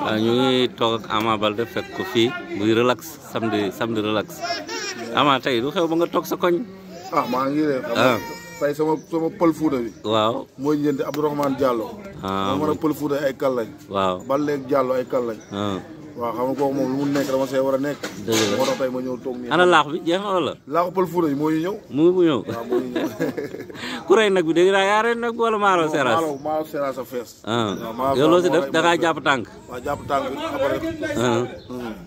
Ah, ñu ngi toog ak bal Balde fekk ko fii muy relax samedi samedi relax Ama tey lu xew ba nga toog sa koñ. ah maa ngi lay. ah tey sama sama pël fuuta bi. waaw mooy njënd Abdourahmane Diallo. ah ma mën pël fuuta ay kal lañ. waaw Balde ak Diallo ay kal lañ. Ah. waaw xam nga war a nekk. dëgg la moo tax tey ana laax bi jeex na wala. laaxu pël fuuta yi moo ñu mu ngi ñëw ku rey nag bi dégg naa yaa rey nag wala seeraas. a fees. waaw ah. maalo loo si def da ngaa jàpp tànk. waaw jàpp tànk après.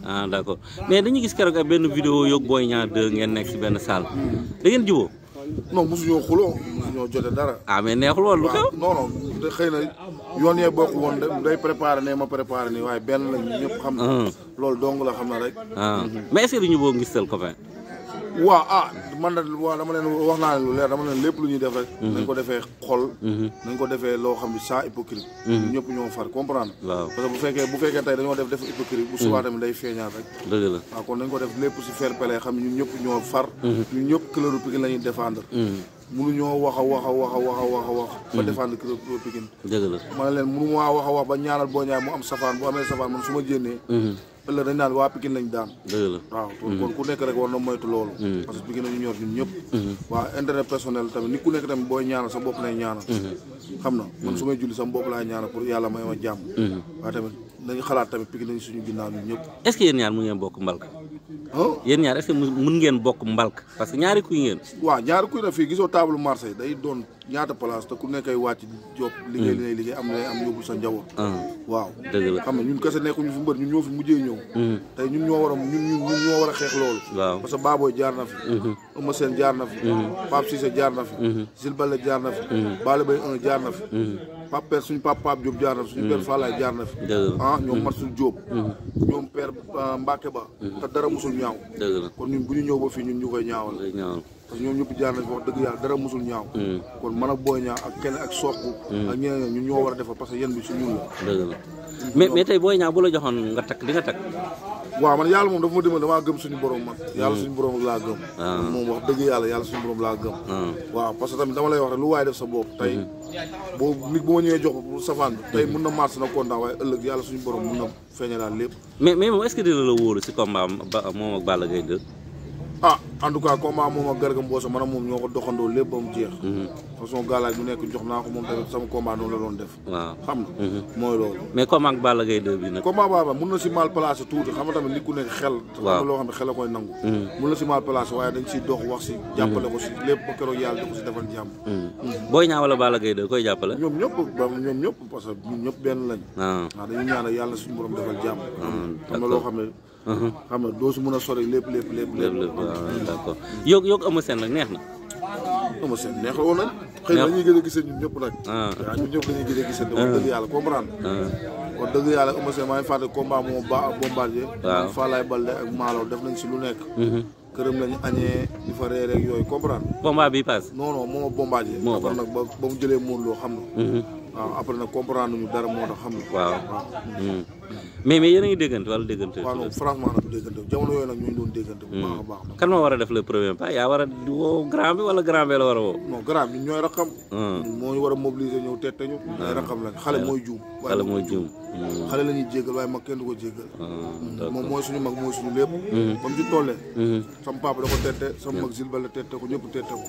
ah, ah mais dañu gis keroog benn vidéo yog booy ñaar deux ngeen nekk si benn salle. Hmm. da ngeen non mosuñoo xuloo mosuñoo jote dara. ame ah, mais neexul woon lu xew. non non xëy na yoon yee bokk woon day préparé ne ma préparé nii waaye benn lañ ñëpp xam. Ah. loolu dong la xam na rek. Ah. mais est-ce que du ñu boo ngistal waaw ah man nag waaw dama leen wax naa leen lu leer dama leen lépp lu ñuy def rek. Mhm. nañ ko defee xol. Mhm. nañ ko defee loo xam ne sans hypocrite. Mhm. ñëpp ñoo far comprendre. waaw parce que bu fekkee bu fekkee tey dañoo def def hypocrite. bu subaa day feeñaat rek. dëgg la waaw kon nañ ko lépp si fair play xam ne ñëpp ñoo far. ñun ñëpp couleur Pikine la ñuy défendre. mënuñoo wax a wax a wax a wax a wax a wax. ba défendre club Pikine. dëgg la ma leen mënu maa wax a wax ba ñaanal boo ñaay mu am safaan bu amee safaan man su ma jénnee. ëllëg dañ naan waa Pikine lañ daan waaw kon ku nekk rek war na moytu loolu mm-hmm. parce que Pikine nañu ñor ñun ñëpp mm-hmm. waa intérêt personnel tamit ni ku nekk tamit booy ñaanal sa bopp lay ñaanal mm-hmm. xam na man su may julli sa bopp laa ñaanal pour yàlla may ma jàmm waaye tamit nañu xalaat tamit Pikine nañ suñu ginnaaw ñun ñëpp est-ce que yéen ñaar mu ngeen bokk mbalka Oh. yéen ñaar est-ce que mën ngeen bokk mbalk parce que ñaari kuy ngeen waaw ñaari kuy na fii gisoo table marché day doon ñaata place te ku nekkay wàcc job hmm. liggéey li ngay liggéey am na am yóbbul sa njaboot ah. waaw dëgg xam nga ñun kese nekkuñu fi mbër ñun ñoo fi mujjee ñëw hmm. tey ñun ñoo war a ñun ñun ñoo war a xeex loolu waaw parce que baabooy jaar na fi hmm. Eumeu Sène jaar na fi. Mhm. Pape Cissé jaar na fi. Jules mhm. Baldé jaar na fi. Mhm. Balla Gaye 1 jaar na fi. Pape Père suñu Pape Pape Diop jaar na fi suñu Père Fallaye jaar na fi. ah ñoom Matou Diop. ñoom Père euh, Mbacke Ba. kon ñun bu ñu ñëw ba fii ñun ñu koy ñaawal. ñëpp jaar nañ wax dëgg yàlla dara musul kon man ak Boy ak kenn ak soq ak war a defar parce que yéen bi su la mais mais tey Boy bu la joxoon nga takk di nga takk waaw man yàlla moom dafa ma dimbal damaa gëm suñu borom man hmm. yàlla suñu borom laa gëm hmm. moom wax yàlla yàlla suñu borom laa gëm hmm. waaw parce que tamit dama lay wax rek lu waaye def sa bopp tey boo nit bu ma ñëwee jox bu safaan bi tey mun na mars na kontaan waaye ëllëg yàlla suñu borom mun na feeñalaat lépp mais mais moom est-ce la wóolu si combat ba moom ak Balla Gaye 2 ah en tout cas combat moom ak Garga Mbossé man moom ñoo ko doxandoo lépp ba mu jeex. Mhm. façon galaaj bu nekk jox naa ko moom tamit sama combat noonu mhm. mun na si mal placé tuuti xam nga tamit nit ku nekk xel. waaw loo xam ne xel a koy nangu. Mhm. mun na si mal placé waaye dañ siy dox wax si. jàppale ko si lépp ba keroog yàlla di ko si defal jàmm. Boy Niang wala Balla Gaye koy jàppale. ñoom ñëpp ba ñoom ñëpp parce que ñun ñëpp benn lañ. Ah. waaw dañuy ñaanal yàlla suñu borom defal jàmm. Ah, xam ne xam nga doo su mën a sori lépp lépp lépp. lépp lépp waaw d'accord yow yow Eumeu Sène nag neex na. Eumeu Sène neex la woon nag. xëy na ñuy gën a gisee ñun ñëpp nag. Ah. waaw ñun ñëpp dañuy gën a gisee. wax ah. dëgg yàlla comprendre. wax ah. dëgg yàlla Eumeu Sène maa ngi fàtte combat moom ba ak Bombardier. waaw Falaye Balde ak Malo def nañ si lu nekk. Mm-hmm. këram lañu añee di fa reer ak yooyu comprendre. combat bi paase. non non moom ak Bombardier. moo ko nag ba ba mu jëlee Modou Lo xam na. Mm-hmm. waaw après nag comprendre ñu dara moo tax xam na. waaw. Mm. mais mais yéen a ngi déggante wala déggante. waaw non franchement nag déggante jamono yooyu nag ñu ngi doon déggante. bu baax a baax nag. kan moo war a def le premier pas yaa war a woo grand bi wala grand bi la war a woo. non grand bi ñooy raxam. Hmm. moo war a mobiliser ñëw tette ñu. Hmm. ay raxam lañ xale hmm. mooy juum. xale mooy juum. xale la ñuy jégal waaye mag kenn du ko jégal. moom mooy suñu mag mooy suñu lépp. ba mu ci tollee. sama papa da ko tette sama mag Zilba la tette ko ñëpp tette ko.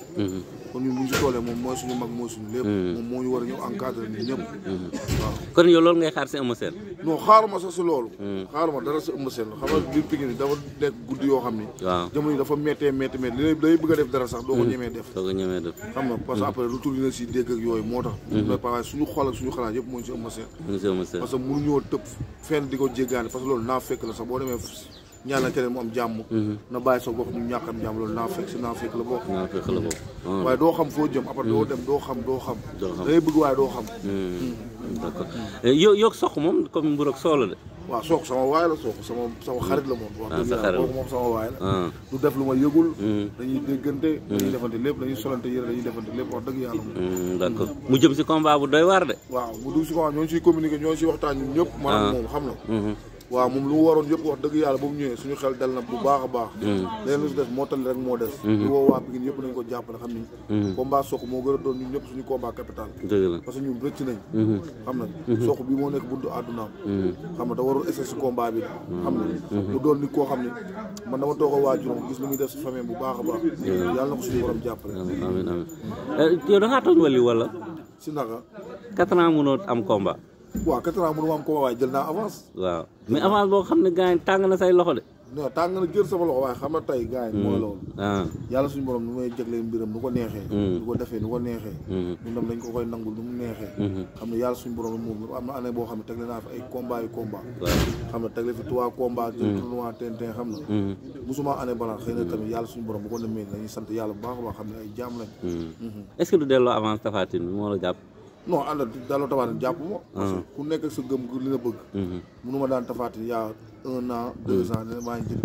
kon ñun bu ñu ci tollee moom mooy suñu mag mooy suñu lépp. moom moo ñu war a ñëw encadré ñun ñëpp. waaw kon yow loolu ngay xaar si Eumeu Sène. non xaar xaaruma sax si loolu hmm. xam nga biir Pikine dafa nekk guddi yoo xam ni waaw jamono yi dafa méttee métti métti li lay bëgg a def dara hmm. na hmm. si dégg ak yooyu moo xol ak suñu xalaat yëpp moo ngi si ëmb seen parce que mënuñoo tëb fenn di ko jéggaani parce que loolu naa fekk la sax boo demee ñaanante ne mu am jàmm mhm. na bàyyi sa gox mu ñàkk am jàmm loolu naa fekk si naa fekk la bokk naa fekk la bokk mhm. ah. waaye doo xam foo jëm après doo mhm. dem doo xam doo xam da ngay bëgg waaye doo xam d'accord eh, yow yow sox moom comme mbur ak soola de waaw sook sama waay la sook la moom ah, wax dëgg kooku moom sama waay la ah. def lu ma yëgul dañuy déggante dañuy defante lépp dañuy solante yére dañuy defante lépp wax dëgg yàlla moom d'accord mu jëm si combat bu doy waar de waaw mu dugg si combat ñoo ngi siy communiqué ñoo ngi siy waxtaan moom xam na waaw moom lu mu waroon yëpp wax dëgg yàlla ba mu ñëwee suñu xel dal na bu baax baax mm. Mm. leneen lu si des moo tali rek moo des lu mm-hmm. woo yëpp nañ ko jàppale xam ni mm-hmm. combat Sokh moo gën a doon ñun ñëpp suñu combat capital parce que ñun rëcc nañ mm-hmm. xam moo nekk buntu xam na da warul essai si combat bi doon nit koo xam ne man dama toog a waajuram gis ni muy def si bu baax a baax yàlla na ko suñu eh, da ngaa tooñ wali wala si naka quatre ans mënoo am combat waaw quatre ans ko waaye jël naa avance. waaw mais avance xam ne gars yi tàng na say loxo de. non tàng na jël sama loxo waaye xam na tey gars yi. mooy hmm, loolu. yàlla suñu borom nu may jëglee ko neexee. Hmm. nu defee nu ko neexee. Hmm. ñun tam dañ ko koy nangul nu mu neexee. xam ne yàlla suñu borom moom am boo xam ne tegle naa fi ay combat yu combat. xam ne tegle fi trois combats. jël tournoi TNT xam na. musuma année balaa xëy na tamit yàlla suñu borom bu ko demee dañuy sant yàlla bu baax a baax xam ne ay jaam lañ. est-ce du delloo avance Tapha bi moo la jàpp. non ànd daal Taphatine jàpp ma. Ah. parce que ku nekk sa gëm ni na bëgg. mënu mhm. ma daan Taphatine yaa un an deux mhm. ans dina maa ngi jëli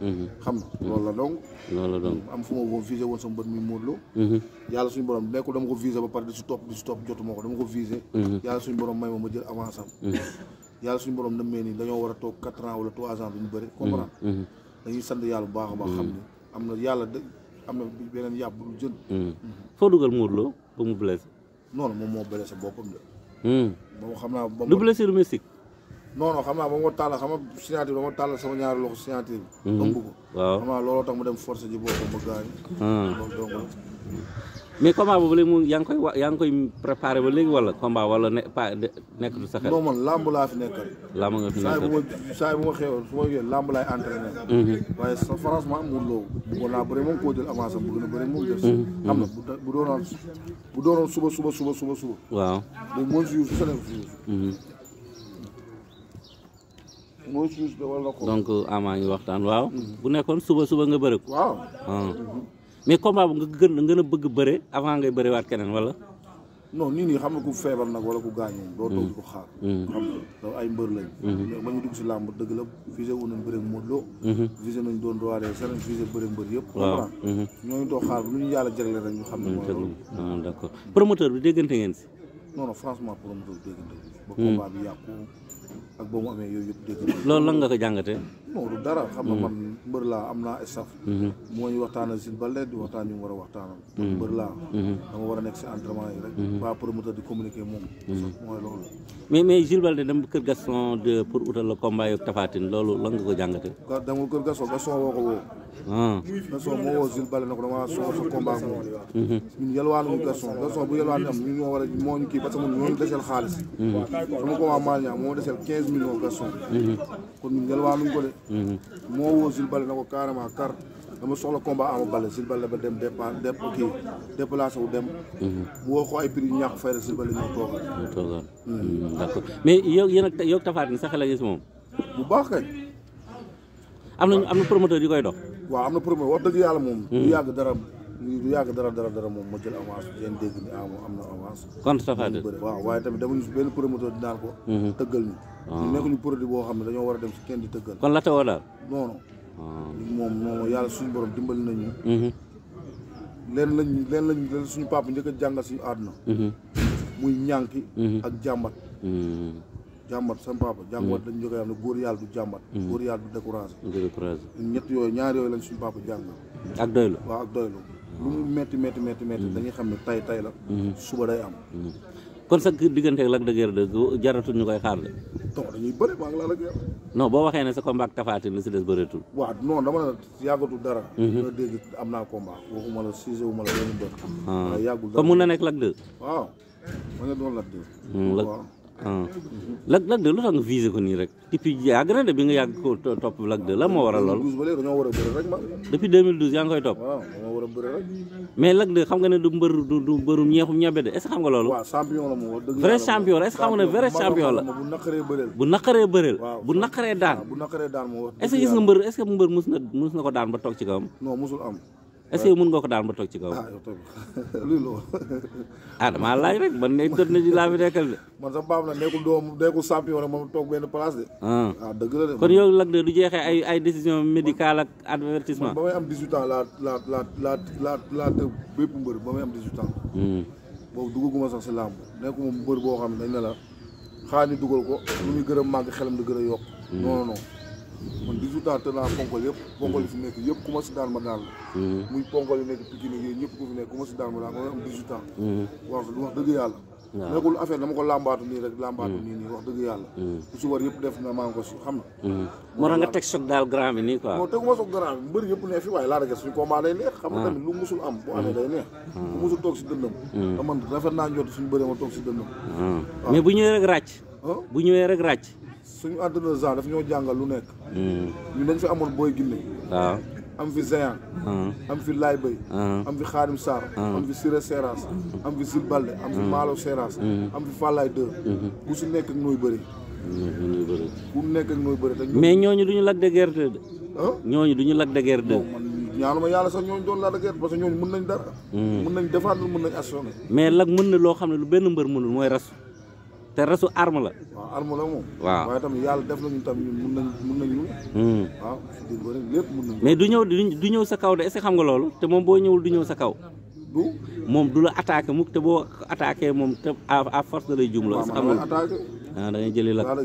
mhm. xam nga loolu la donc. loolu la donc am fu ma woon visé woon sama bët muy Modou Lo. yàlla suñu borom nekkul dama ko visé ba pare di su topp di su topp jotuma ko dama ko visé. yàlla suñu borom may ma ma jël avance yàlla suñu borom dem mel ni dañoo war a toog quatre ans wala trois ans duñu bëri. comprendre dañuy sant yàlla bu baax a baax. xam ne am na yàlla de am na beneen yàpp bu jën. foo dugal Modou Lo ba mu blessé. noonu moom moo sa boppam de. Hmm. moom xam naa ba mu. du blessure xam naa ba ma ko tàllal xam nga signature ba ma tàllal sama ñaar loxo signature bi. Hmm. ëmb xam naa looloo tax mu dem force ji boppam ba gaañ. Hmm. mais combat boobu léegi moom yaa ngi koy wa yaa ngi préparé ba léegi wala combat wala ne pa nekkatul sa xel. non man làmb laa fi nekkal. làmb nga fi nekkal saa laay entraîné. Mm-hmm. waaye sa franchement mu loo bëggoon naa bëri moom koo na bu mm-hmm. bu doonoon bu doonoon suba suba suba suba waaw léegi mooy su sa def suuf. mooy suuf de wala ngi waxtaan waaw. Mm-hmm. bu nekkoon suba suba nga bëri ko. waaw. Ah. mais combat bu nga gën nga a bëgg bëre avant ngay bëre waat keneen wala. non nii nii xam nga ku feebar nag wala ku gaañu doo toog ko xaar. Mm. Mm. xam nga ay mbër lañ. Mm-hmm. mais ba ñu dugg si làmb dëgg la visé wu nañ bëre Modou Lo. Mm-hmm. visé nañ doon doole seen visé bëre mbër yëpp. waaw mm-hmm. ñooñu doo xaar lu ñu yàlla jagleel rek ñu xam ne mooy loolu. Ah, d'accord promoteur bi déggante ngeen si. non non franchement promoteur bi déggante ba mm. combat bi yàqu. ak ba mu amee yooyu yëpp dégg loolu lan nga ko jàngatee non du dara xam nga hmm. man mbër laa am naa staff hmm. moo ñu waxtaanal si Baldé di waxtaan ñu war a waxtaanal hmm. mbër laa dama war a nekk si entraînement yi rek mooy loolu mais kër Gaston de pour utal la combat yog Tapha Tine loolu lan nga ko jàngatee dama kër Gaston Gaston woo ko woo ah. Gaston moo woo Jules na ko dama soxla sa combat moom ñun yelwaanuñu Gaston Gaston bu yelwaan am ñun ñoo war a moo ñu kii parce que ñun ñoo ñu deseel xaalis sama combat maa min o gaston kon min ngelwa num ko de moo woo Jules Baldé na ko carrément kar dama soxla combat Ama Baldé Jules Baldé ba dem dépend dep kii déplacé wu dem bu woo ko ay prix ñàkk fay la Jules Baldé ñoo toogal ñoo toogal mhm. mhm, d'accord mais yow yéen ak yow la sa xel a gis moom bu baax kay am na am na promoteur yi koy dox waaw am na promoteur wax dëgg yàlla moom mhm. du yàgg dara du yàgg dara dara dara moom ma jël avance ngeen dégg ni ah moom am na avance. contre Tapha Tine waaw waaye tamit dama ñu si benn promoteur di ko. Mhm. tëggal ñu. Ah. ñu nekk ñu produit boo xam ne dañoo war a dem si kenn di tëggal. kon la tawoo daal. non non. Ah. moom moom yàlla suñu borom dimbali nañu. Mhm. leen lañ leen lañ leen suñu papa njëkk a jàngal àdduna. Mhm. muy ñànki. ak jàmbat. jàmbat sama papa jàmbat dañ njëkk a ne góor yàlla du jàmbat. góor yàlla du découragé. ñett yooyu ñaar yooyu lañ suñu papa jàngal. ak doylu waaw ak doylu lu mu métti métti métti métti mm-hmm. dañuy xam ne tay tay la mm-hmm. suba day am mm-hmm. kon sa diggante ak Lac de Guiers ñu koy xaar de non dañuy bëri maa ngi la Lac boo waxee ne sa combat ak Tapha Tine la si des bëreetul waaw non dama la yàggatul dara dina dégg am naa combat waxuma la sise wu ma la yéen bër ah. yàggul dara comme mun na nekk Lac 2 waaw ma ne doon Lac Lac Lac de lu tax nga visé ko nii rek depuis yàgg na de bi nga yàgg ko topp Lac la moo war a lool. depuis 2012 yaa ngi koy topp. mais Lac de xam nga ne du mbër du du mbërum ñeexum ñebe de est ce que xam nga loolu. waaw champion la moo vrai xam nga ne vrai champion la. bu naqaree bëreel bu naqaree bu naqaree daan. est ce que gis nga mbër est ce que mbër mus na mus na ko daan ba toog ci kaw non musul am. est-ce que mun nga ko daal ma toog ci kaw. ah luy loolu. ah damaa laaj rek man ne tën na ji laa fi nekkal la nekkul ah dëgg la lag de du jeexee ay ay décision médicale ak avertissement. ba may am 18 ans laa laa laa laa laa laa tëb bépp mbër ba may am 18 ans. boobu duggaguma sax si làmb nekkuma mbër boo xam ne dañ ne toujours daal te naa ponkol yëpp ponkol yi fi nekk yëpp ku ma si daan ma daan la mm-hmm. muy ponkol yi nekk Pikine yooyu ñëpp ku fi nekk ku ma si daan ma daan mm-hmm. ma ko làmbaatu nii rek làmbaatu mm-hmm. nii nii wax dëgg yàlla lu si war yëpp def na maa ko si xam na moo tax nga teg soog daal grand bi nii quoi non teguma soog grand bi mbëri yëpp ne fi waaye laa suñu combat day neex xam nga ah. tamit lu musul am bu amee day neex bu musul toog si dëndam te man rafet naa njot suñu entraîneur Jean daf ñoo jàngal lu nekk. Hmm. ñun dañ fi amoon booy Guinné. waaw ah. am fi Zeyaan. Hmm. am fi Laay Bay. Hmm. am fi Xaadim Sarr. am fi Siré Seras. am fi Sil Balde am fi Maalo Seras. am fi Fallaye Deux. ku si nekk ak nooy bëri. ku nekk ak nooy bëri te mais ñooñu du ñu Lac de Guiers 2 de. ñooñu du ñu Lac de Guiers 2. ma yàlla sax ñooñu doon Lac de Guiers parce que ñooñu mën nañ dara. mën nañ défendre mën nañ assurer. mais Lac mën na loo xam ne lu benn mbër mënul mooy rasu. te resu arme la. waaw tam yàlla def hmm. mais du ñëw du ñëw sa kaw de est-ce xam nga loolu te moom boo ñëwul du ñëw sa kaw. du moom du la attaqué mukk te boo attaqué moom te à force da lay jumloo. waaw man attaqué ah da ngay jëli la. waaw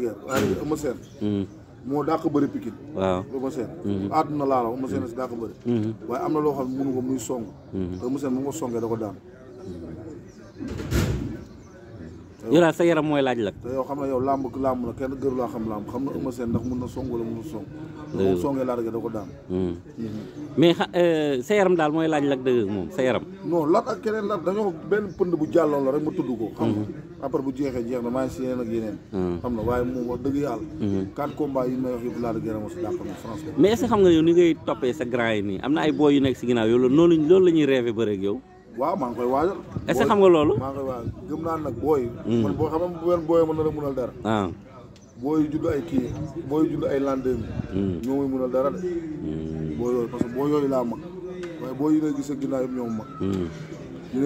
hmm. moo dàq bëri pikin. waaw Eumeu Sène. Hmm. àdduna am na loo xam ne mënu ko muy song. te Eumeu Sène mu ko songee da ko daan. yow daal sa yaram mooy laaj la. te yow xam na yow làmb làmb la kenn gëru laa xam làmb xam nga Eumeu Sène ndax mun na song wala munul song. dëgg la songee laa da hmm. Hmm. mais xa euh, sa daal mooy laaj la dëgg moom sa yaram. non lat keneen lat dañoo benn pënd bu jàlloon la rek ma tudd ko. xam nga hmm. après bu jeex na maa ngi si xam na waaye moom wax dëgg yàlla. nga ni ngay toppee sa grand yi nii am na ay boy yu nekk si ginnaaw yow loolu loolu la ñuy rêvé bëre yow waaw maa ngi koy waajal. est-ce que xam nga loolu. maa ngi koy waajal gëm naa nag booy. Hmm. man boo xam ne bu leen booyee mën na la mënal dara. waaw ah. booy yu judd ay kii booy yu judd ay lan deux mille. Hmm. ñoo muy mënal dara de. Hmm. booy yooyu parce que booy yooyu laa mag waaye booy yi nga gis ak ginnaaw yëpp ñoom mag.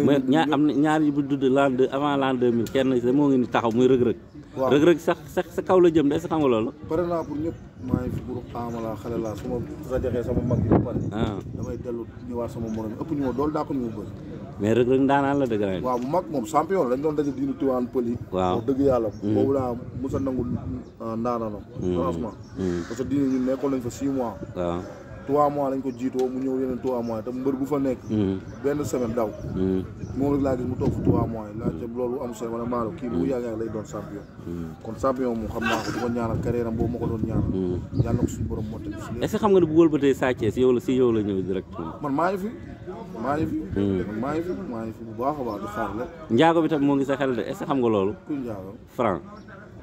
mais ñaar am na ñaar yi bu l'an avant l'an deux kenn si moo ngi ni taxaw muy rëg-rëg. waaw rëg-rëg sax sax sa kaw la jëm de est-ce que xam nga loolu. pare naa pour ñëpp maa ngi fi pour amala xale laa su ma rajaxee sama mag yi ba pare. Ah. damay dellu ñëwaat sama morom ëpp ñu ma dool daa ko ñu bëri. mais Reug Reug ndaanaan la dëgg la. waaw mag moom champion la dañ doon daje diinu Tiwaan pël yi. waaw wax dëgg yàlla. Mm. boobu laa mos a nangu ah, ndaanaanam. Mm. franchement. Mm. parce que nañ fa six waaw. trois mois lañ ko jiitoo mu ñëw yeneen trois mois te mbër bu fa nekk hmm. benn semaine daw hmm. moom laa gis mu toog fa trois mois yi laajte loolu am solo kii bu hmm. lay doon champion kon champion moom xam naa ko di ko ñaanal carrière am ko doon ñaanal yàlla na moo xam nga ne bu wëlbatee Sa Thiès yow la si yow la man maa ngi fi maa ngi fi man maa ngi fi maa ngi fi bu baax a baax di xaar la njaago bi tam moo ngi sa xel de est xam nga loolu ku njaago franc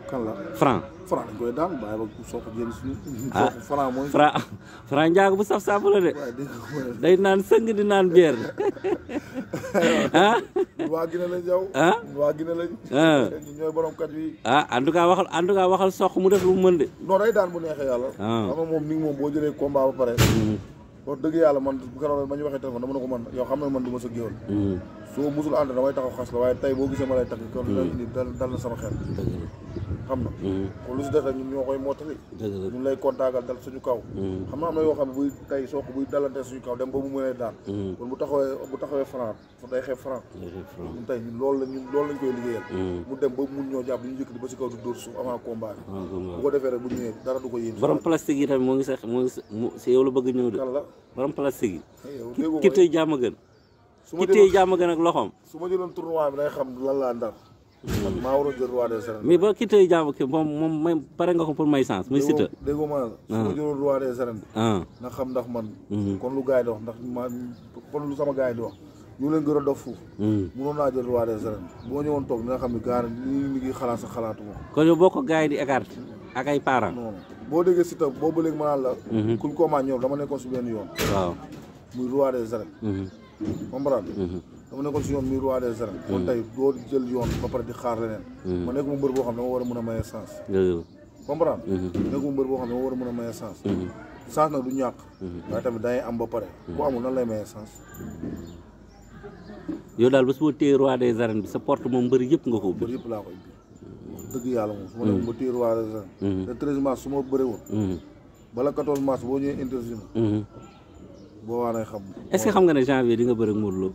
kan la franc franc dañ koy daan a jël suñu. ah franc mooy. franc bu saf saf la de. day naan sëng di naan bière. Ah. ah. waa Guinée lañ yow. ah waa Guinée lañ. ñu ñooy borom kat yi. ah en tout cas waxal mu def lu mu mën de. non day daan bu neexee yàlla. ah xam boo jëlee combat ba pare. Mm-hmm. wax dëgg yàlla man bu keroog ma ñu waxee téléphone dama xam na man du mm-hmm. soo musul ànd damay taxaw xas la waaye tey boo gisee ma lay takk kon mm-hmm. dal dal na sama xel xam na mm-hmm. kon lu si dese ñun ñoo koy mottali ñun lay kontaagal dal suñu kaw mm-hmm. xam na am na yoo xam buy tey soo ko buy dalante suñu kaw dem ba mu mënee daan mm-hmm. kon bu taxawee bu taxawee franc fu day xeeb franc ñun tey ñun la ñun loolu lañ ba mun ñoo jàpp ñu yëkkati ba si kaw du dóor suuf avant combat bu ko defee rek bu ñëwee dara du ko yéen borom plastique yi tamit moo ngi sax moo ngi si yow la bëgg ñëw de borom plastique yi eh, ki tey jàmm gën ki tey jàmm gën ak loxoom su ma jëloon tournoi bi day xam lan laa ndar man mm. maa waroon jël roi des arènes. mais ba ki tey jàmm ki moom moom may pare nga ko pour may chance muy Siteu. déggoo ma su ma ah. jëloon roi des arènes. Ah. na xam ndax man. Mm-hmm. kon lu gars yi di wax ndax ma kon lu sama gars di wax. ñu leen gën a dof foofu. mënoon mm. laa jël roi des arènes boo ñëwoon toog dina xam ne gars yi ñu ngi xalaat sa xalaatu ma. kon yow boo ko gars yi di écarté ak ay parents. non boo déggee Siteu boobu léegi ma naan la. Mm-hmm. kuñ maa ñëw dama nekkoon si benn yoon. waaw muy roi dama nekkoon si yoon mi roi des arènes. kon tey doo jël yoon ba pare di xaar leneen. Mm-hmm. ma nekk mu mbër boo xam ne dama war a mën a maye sens. comprendre mm-hmm. nekk boo xam ne war a mën a maye sens. Mm-hmm. sens nag du ñàkk. waaye tamit dangay am ba pare. ku amul nan lay maye sens. yow daal ba su ma téye roi des arènes bi sa porte moom mbër yëpp nga ko ubbi. yëpp laa ko ubbi. dëgg yàlla moom su ma nekk ba téye roi des arènes. le treize mars su ma bëri woon. bala quatorze mars boo ñëwee interview ma. boo waa ne xam. est-ce xam nga ne janvier di nga bëri ak Modou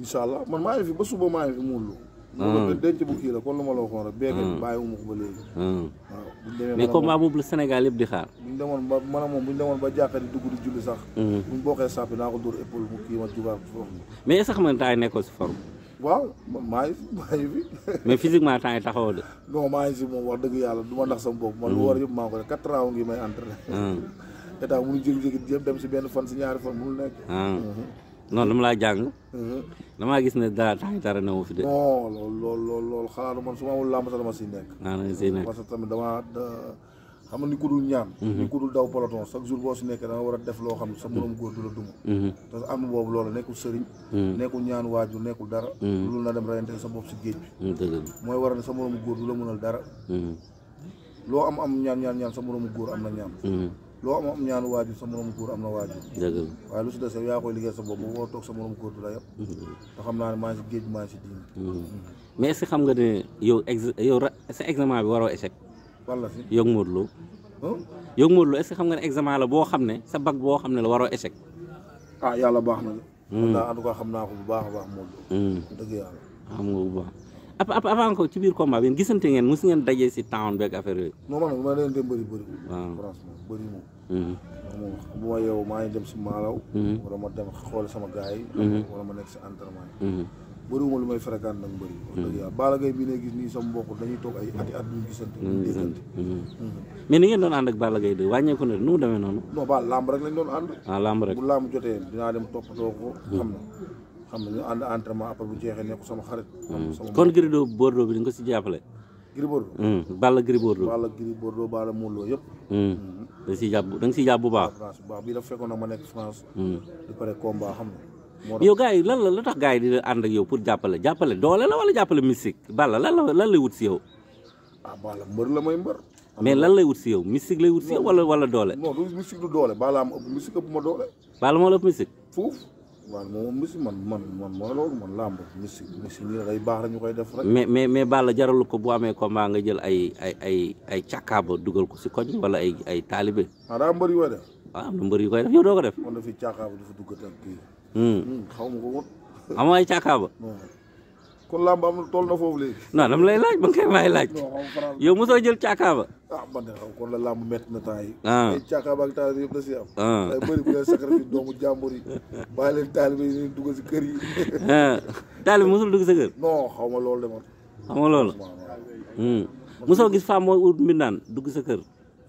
incha allah man maa fi ba suba maa ngi fi muulu. loolu hmm. denc bu kii la kon lu ma la waxoon rek. béykat hmm. bàyyiwuma ko ba léegi. Hmm. waaw bu ñu demee mais combat boobu yëpp di xaar. bu ñu demoon ba bu ñu demoon ba jàkka sax. bu ñu bokkee sàppi naa ko dóor épaule mais est-ce nekkoo si forme. waaw man maa ngi fi fi. mais physiquement temps yi taxawoo de. dëgg yàlla du ma ndax sama bopp. man lu war yëpp maa ko def quatre ans ngi may entraîné. état mënu jékki-jékki dem si benn fan si ñaari fan mënul nekk non dama laa jàng. Mhm. damaa gis ne daa temps yi dara newu fi de. loolu loolu loolu xalaatu man su ma amul làmb sax dama si nekk. ah dama siy nekk parce que tamit damaa xam nga ni ku dul ñaan. Mhm. ni ku dul daw peloton chaque jour boo si nekkee da war a def loo xam ne sa moroom góor du la duma. Mhm. am na boobu nekkul sëriñ. nekkul ñaan waajur nekkul dara. loolu na dem reyante sa bopp si géej bi. dëgg mooy waral ne sa góor du la mënal dara. loo am am ñaan ñaan ñaan sa moroomu góor am na ñaan. loo am am ñaanu waajur sa moromu góor am na waajur waaye lu si des yaa koy liggéey sa bopp boo toog sa moromu góor du la yëpp mm-hmm. te xam naa ne maa ngi si géej maa si mm-hmm. Mm-hmm. xam nga ne yow yow sa examen bi waroo échec walla si yow Modou Lo yow Modou Lo est xam nga ne examen la boo xam ne sa bac boo xam ne la waroo échec ah yàlla baax na mm. la en tout cas xam naa ko bu baax a baax Modou mm. dëgg yàlla xam nga bu baax ap ko ci biir combat bi yéen gisante ngeen mos ma leen dem bëri bëri waaw franchement moom ndax moom mm-hmm. bu ma yow maa ngi dem si maalaw mm-hmm. wala ma dem xoole sama gars yi mm-hmm. wala ma nekk si entraînement yi bëriwuma lu may fréquente nag bëri wax dëgg yàlla bi ne gis nii sama mbokk dañuy toog ay ati at duñu gisante duñu déggante mais ni ngeen doon ànd ak Balla Gaye de wàññeeku na nu mu demee noonu non lamb rek lañ doon ànd ah lamb rek bu lamb jotee dinaa dem toppatoo ko xam na xam na ñu ànd entraînement après bu jeexee nekk sama xarit sama kon Gris Bordeaux bi di nga ko si jàppale Gris Bordeaux. Hmm, Balla Gris Bordeaux. Balla Gris Bordeaux Balla hmm. da nga siy jàpp da nga siy jàpp bu baax. bu baax bii dafa fekkoon na ma nekk France. Hmm. yow gars yi lan la lu tax gars di ànd ak yow pour jàppale jàppale doole la wala jàppale mystique Balla lan la lan lay wut si yow. ah Balla la may yow mystique lay si yow wala wala doole. non du mystique du moo la ëpp mystique. waaw moom misi man man man mooy loolu man làmb misi misi ñu koy def mais mais mais Balla jaralu ko bu amee combat nga jël ay ay ay ay dugal ko si koñ wala ay ay taalibe. ah daa am mbër yu koy def. waaw ah, mbër yu koy def yow ko def. kon daf fi càkkaaba du fa duggateel kii. Hmm. Hmm, xaw ma ko woon. ay càkkaaba. kon làmb am toll na foofu léegi. non dama lay laaj ba nga koy may laaj. yow mosoo jël caakaaba. Ah, kon la làmb métti na temps yi. ah caakaaba ak taalibe yëpp da si am. Ah. ay dugg si kër yi. Ah. taalibe mosul dugg sa kër. non xaw ma loolu de man. xam nga loolu. Hmm. gis femme mooy ut mbindaan dugg sa kër.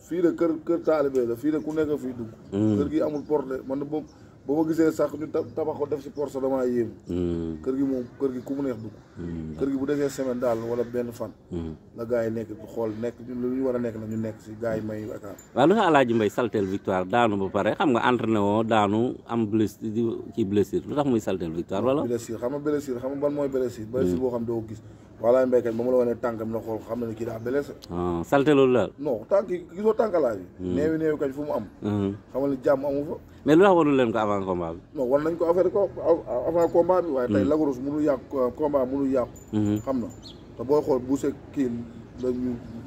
fii de kër kër taalibe la fii de ku nekk fii dugg. Hmm. kër gi amul porte man de boobu. ba ma gisee sax ñu tabax ko def si porte damaa yéem. Hmm. kër gi moom kër gi ku mu neex dugg. Hmm. kër gi bu defee semaine daal wala benn fan. Hmm. la gars yi nekk di xool nekk ñu war nekk nag ñu nekk si gars yi may akaar. waaw lu tax Alaaji Mbaye victoire daanu ba pare xam nga entraîné woo daanu am blessure ci blessure lu tax muy saltel victoire wala. blessure xam nga blessure xam nga ban mooy blessure. blessure boo xam doo gis. walaay mbéykat ba mu la wane tànkam na xool xam na ne kii daa blessé ah, salte loolu daal non tànk gisoo tànkalaay bi hmm. neewi neewi kat fu mu am hmm. xamal ne jàmm amu fa mais lu tax warul leen ko avant combat bi nañ ko affaire ko avant combat bi waaye tey hmm. Lac Rose mënul yàqu euh, combat mënul yàqu xam na te booy xool buuse kii léegi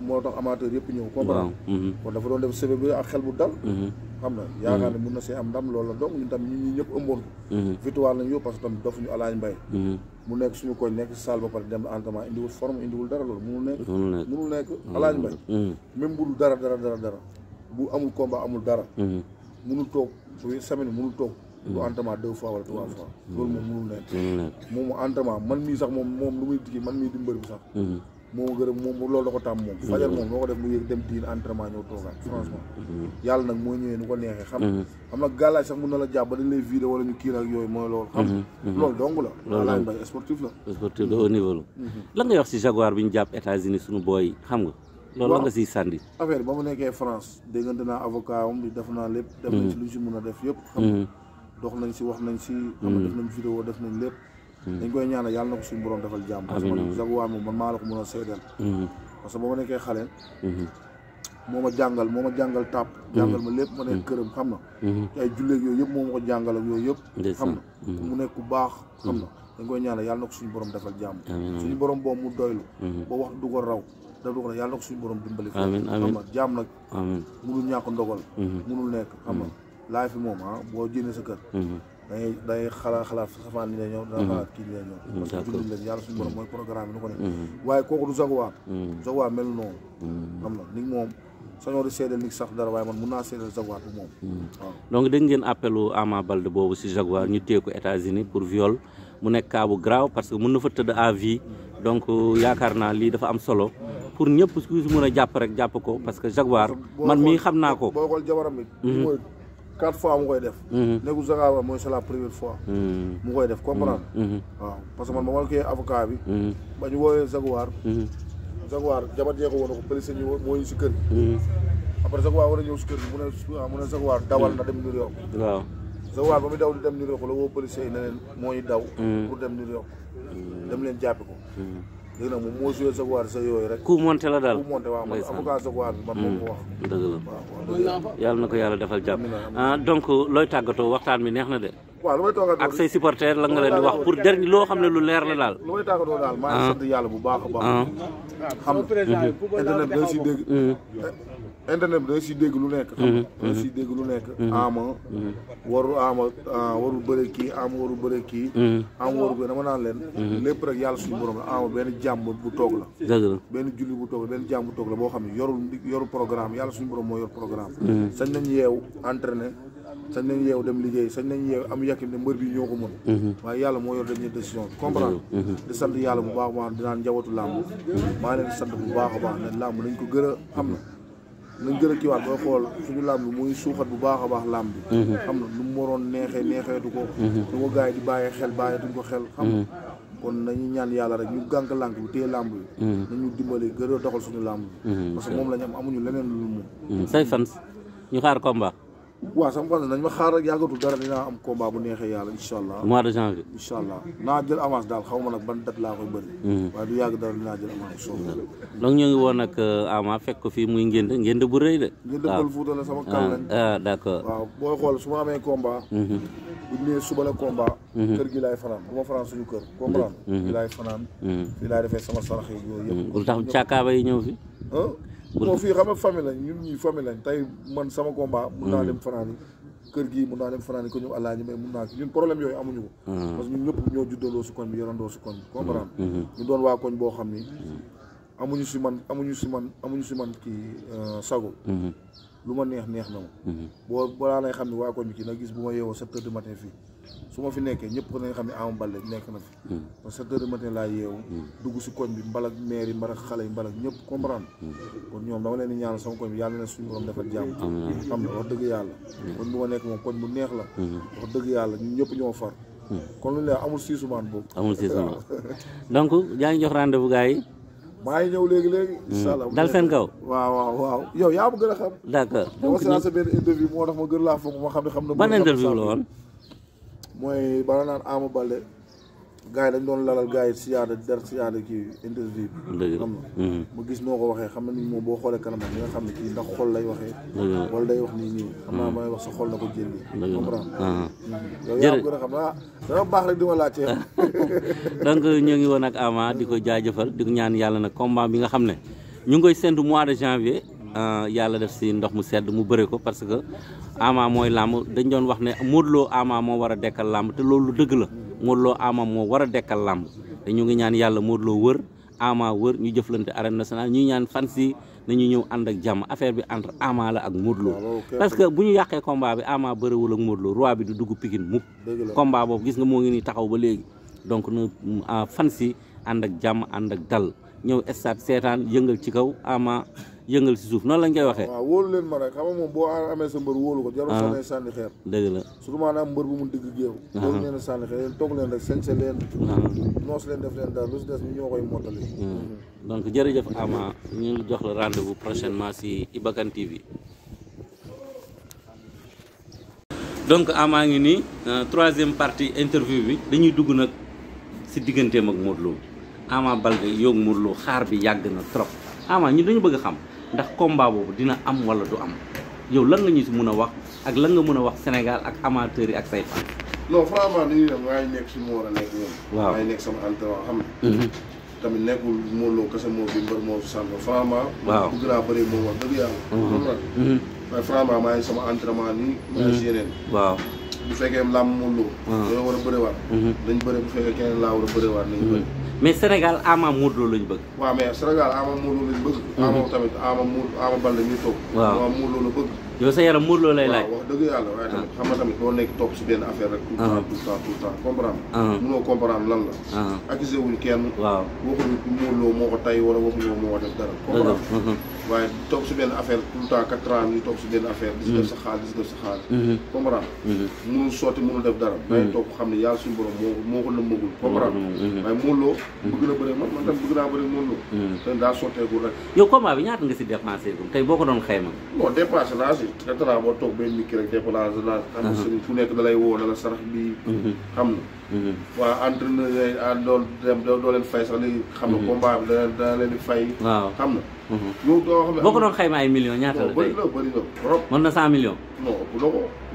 moo tax amateur yëpp ñëw comprendre mhm. kon dafa doon def CV bi ak xel bu dal mhm. xam na yaakaar mhm. ne mun na see am ndam lool la donc ñun tam ñun ñëpp ëmboon victoire lañu yóbbu parce que tamit ñu alaañ bay mu nekk suñu koñ nekk si salle ba pare dem entraînement indiwul forme indiwul dara loolu munul nekk munul nekk alaañ mbay même budul dara dara dara dara bu amul combat amul dara munul toog semaine munul toog du entraînement deux fois wala trois fois loolu mu entraînement man mii sax moom moom lu muy digi man mii di bi sax moom gërëm moom loolu da ko tàmm moom mm-hmm. fajar moom moo ko def mu yëg dem diin entraînement ñëw toogaat franchement mm-hmm. yàlla nag moo ñëwee nu ko neexee xam mm-hmm. xam nag gàllaaj sax mun na la jàpp ba dañ lay vidéo wala ñu kiir ak yooyu mooy loolu xam loolu dong la laaj mbay lan ngay wax si Jaguar bi ñu jàpp États-Unis suñu booy xam nga loolu la nga siy sànni affaire ba mu nekkee France déggante naa avocat am di def naa lépp def nañ si lu ñu a def yëpp xam dox nañ si wax nañ si xam def nañ vidéo def nañ lépp dañ koy ñaanal yàlla na ko suñu borom defal jàmm parce que Jaguar moom a seedeel parce que ba ma nekkee xale moo ma jàngal moo ma jàngal tàpp jàngal ma lépp ma nekk këram xam na ay julleeg yooyu yëpp moo ko jàngal yooyu yëpp xam na mu nekk ku baax xam na dañ koy ñaanal yàlla na ko suñu borom defal jàmm suñu borom boobu mu doylu mm-hmm. ba wax du ko raw da du ko yàlla na ko suñu borom dimbali xam na jàmm nag munul ñàkk ndogal mm-hmm. munul nekk xam na mm-hmm. laay fi moom ah, boo jënee sa kër dañuy day xalaat xalaat safaan li lay ñëw dana mhm. mhm, ko ne mhm. waaye kooku du Jaguar Jaguar mel noonu xam na nit moom sañoo di seedeel nit sax dara waaye donc dégg ngeen appelu Ama boobu si Jaguar ñu téye ko États-Unis pour viol mu nekk cas bu parce que mun na fa tëdd à vie donc euh, yaakaar naa lii dafa am solo pour ñëpp ku si mën a jàpp rek jàpp ko parce que Jaguar man mii xam naa ko quatre fois mu koy def. Mhm. néegu Zakaaba mooy c'est la première fois. Mhm. mu koy def comprendre. Mhm. waaw parce que man ba ma koy avocat bi. ba ñu woowee Jaguar. Jaguar jabat yee ko woon ko police ñu woo ñu si kër gi. après Jaguar war a ñëw si kër gi mu ne ah, mu ne Jaguar dawal na dem New York. Jaguar ba muy daw di dem New York la woo police yi ne leen moo ñu daw. pour dem New York. dem leen jàppi ko. léegi nag sa waar sa yooyu rek. ku monté la daal ku monté waaw man avocat sa waar bi mm, yàlla na ko yàlla defal jàmm. ah donc looy tàggatoo waxtaan bi neex na de. waaw lu may tàggatoo ak say la nga leen di wax pour dernier loo xam ne lu leer la daal. lu may daal maa ngi ah. bu baax a ah. ah, mhm. bi nga siy dégg. Mm. Eh, internet bi da siy dégg lu nekk. Mhm, xam nga mhm. da siy dégg lu nekk. Mhm. ama waru ama ah, waru bëre kii ama waru bëre kii. ama waru bëre dama naan leen. lépp rek yàlla suñu borom la ama benn jàmm bu toog la. dëgg la benn julli bu toog la benn jàmm bu toog la boo xam ne yorul yorul programme yàlla suñu borom moo yor programme. sañ nañ yeew entraîner sañ nañ yeew dem liggéey sañ nañ yeew am yàqin ne mbër bi ñoo ko mën. waaye yàlla moo yor dañuy décision comprendre. di sant yàlla bu baax a baax di naan njabootu làmb. maa leen sant bu baax a baax ne làmb nañ ko gën a am na nañ gën a kiiwaat booy xool suñu làmb bi muy suuxat bu baax a baax làmb bi mhm. xam na lu mu waroon neexee neexeetu ko mhm. lu ko gars yi di bàyyee xel bàyyeetuñ ko xel xam mhm. kon nañu ñaan yàlla rek ñu gànk làmb bi téye làmb bi nañu dimbali gën a doxal suñu làmb bi parce que moom la ñu am amuñu leneen lu mu say fans ñu xaar combat waaw sama fan nañ ma xaar rek yàggatul dara dinaa am komba bu neexee yàlla incha allah. mois de janvier. incha allah naa jël avance daal xaw ma nag ban date laa koy bëri. Hmm. waaye du yàgg dara dinaa jël avance soo donc ngi woon nag euh, Ama fekk ko fii muy ngénd ngénd bu rëy de. ngénd la sama kàl ah, lañ. Ah, ah, d' accord waaw booy xool su ma amee combat. Hmm. bu ñu nee suba la combat. Hmm. kër gi laay fanaan bu ma fanaan suñu kër. comprendre fii laay fanaan. fii laay defee sama sarax yi yooyu yëpp. lu tax càkkaaba yi ñëw fi. non fii xam nga famille lañ ñuy famille lañ tey man sama combat mun naa hmm. dem fanaan kër gii mun naa dem fanaan yi ko ñoom àllaa ñi problème yooyu amuñu ko hmm. parce que ñun ñëpp ñoo juddandoo si koñ bi yorandoo si koñ bi comprendre hmm. ñu doon waa koñ boo xam ni amuñu si man amuñu si man amuñu si man kii euh, sago lu ma neex neex na ma boo balaa lay xam ne waa koñ bi kii na gis bu ma yeewoo sept heures matin fii su ma fi nekkee ñëpp ko nañ xam ne Ama Baldé nekk na fi parce hmm. que sept hmm. dugg si koñ bi mbalak maire yi mbalak xale yi mbalak ñëpp comprendre hmm. kon ñoom dama leen di bi yàlla na suñu borom defal jàmm dëgg yàlla koñ bu neex la dëgg yàlla ñun ñëpp ñoo far kon lu la amul siisumaan boobu amul siisumaan donc yaa ngi jox rendez bu gars yi maa ngi ñëw léegi léegi incha allah dal seen kaw waaw waaw waaw yow yaa ma gën a xam d'accord dama sa benn interview moo tax ma gën laa foog ma xam ne xam na ban interview la woon mooy bala naan Ama Baldé gars yi dañ doon lalal gars yi siyaada der siyaada kii interview bi xam ma mm-hmm. gis noo ko waxee xam na ni moom boo xoolee kanam ni nga xam ne kii ndax xol lay waxee wala day wax nii nii xam naa mm-hmm. may wax sa xol na ko jëndi comprendre ah. mm-hmm. yow yaa a xam ah dafa baax rek di ma laajte ñu ngi woon ak Ama di ko jaajëfal di ñaan yàlla nag combat bi nga xam ne ñu ngi koy séntu mois de janvier Euh, yàlla def si ndox mu sedd mu bëre ko parce que ama mooy làmb dañ doon wax ne Modou Lo ama moo war a dekkal làmb te loolu dëgg la Modou Lo ama moo war a dekkal làmb te ngi ñaan yàlla Modou Lo wër ama wër ñu jëflante arène nationale ñuy ñaan fan si nañu ñëw ànd ak jàmm affaire bi entre ama la ak Modou Lo ah, parce que bu ñu yàqee combat bi ama bëriwul ak Modou Lo roi bi du dugg Pikine mukk combat boobu gis nga moo ngi ni taxaw ba léegi donc na ah, fan si ànd ak jàmm ànd dal kaw yëngal ci suuf non lañ koy waxee wa wolu leen ma rek xam nga bo amé sa mbeur wolu ko jaru sa ah, ngay sanni xéer deug la surtout na mbeur bu mu digg géew ah, wóolu ah. leen sànni xeer yéen tok leen rek sañse leen nos leen def leen dara lu si ñu ñokoy motali donc donc jëf Ama ñu jox la rendez-vous prochainement ci ibakan TV donc Ama ngi nii euh, troisième partie interview bi dañuy dugg nak ci digënté mak modlo Ama Baldé yoog modlo xaar bi yag na trop Ama ñu dañu bëgg xam ndax combat boobu dina am wala du am yow lan nga ñu si mun a wax ak lan nga mën a wax Sénégal ak amateurs yi ak say fan. non franchement dañuy dem maa si mu war a nekk ñoom. waaw maa mhm. tamit nekkul Modou Lo kese moo fi mbër moo fi sant mhm. mhm. sama entraînement nii. maa ngi si yeneen. waaw bu fekkee làmb Modou Lo. dañoo war a bëriwaat. dañ bëri laa war a bëriwaat nañ mais Sénégal Ama Modou Lo lañ bëgg. waaw mais Sénégal Ama Modou Lo lañ bëgg. Mhm. Ama tamit Ama Modou Ama Baldé mi toog. waaw Ama Modou la bëgg. yow sa yaram Modou Lo lay laaj. waaw dëgg yàlla waaye tamit ah. xam nga tamit doo nekk topp si benn affaire rek. tout le temps ah. tout le temps tout le ah. munoo comprendre lan la. accusé wuñ kenn. waaw waxuñu Modou Lo moo ko tay wala waxuñu moo ko def dara. comprendre. waaye toog si benn affaire tout le temps quatre ans ñu toog si benn affaire. di si def sa mm-hmm. xaalis di si def sa xaalis. Mm-hmm. comprendre. mënul mm-hmm. sotti mënul def dara. day toog xam ne yàlla suñu borom moo moo ko lëmmagul. comprendre waaye Modou Lo. bëgg na bëri man man tam bëgg naa bëri Modou Lo. te daa sotteegul rek. yow combat bi ñaata nga si dépensé ko tey boo ko doon xayma. non dépensé naa si quatre ans boo toog benn micro rek dépensé naa. xam uh-huh. fu nekk da lay woo da la sarax bi Mm-hmm. waa entraîneur yooyu ah doo dem doo leen fay sax léegi. xam nga mm-hmm. combat bi dana leen di fay. waaw xam na. Mm-hmm. boo ko doon xayma ay million ñaata la tey bëri na bëri cent millions.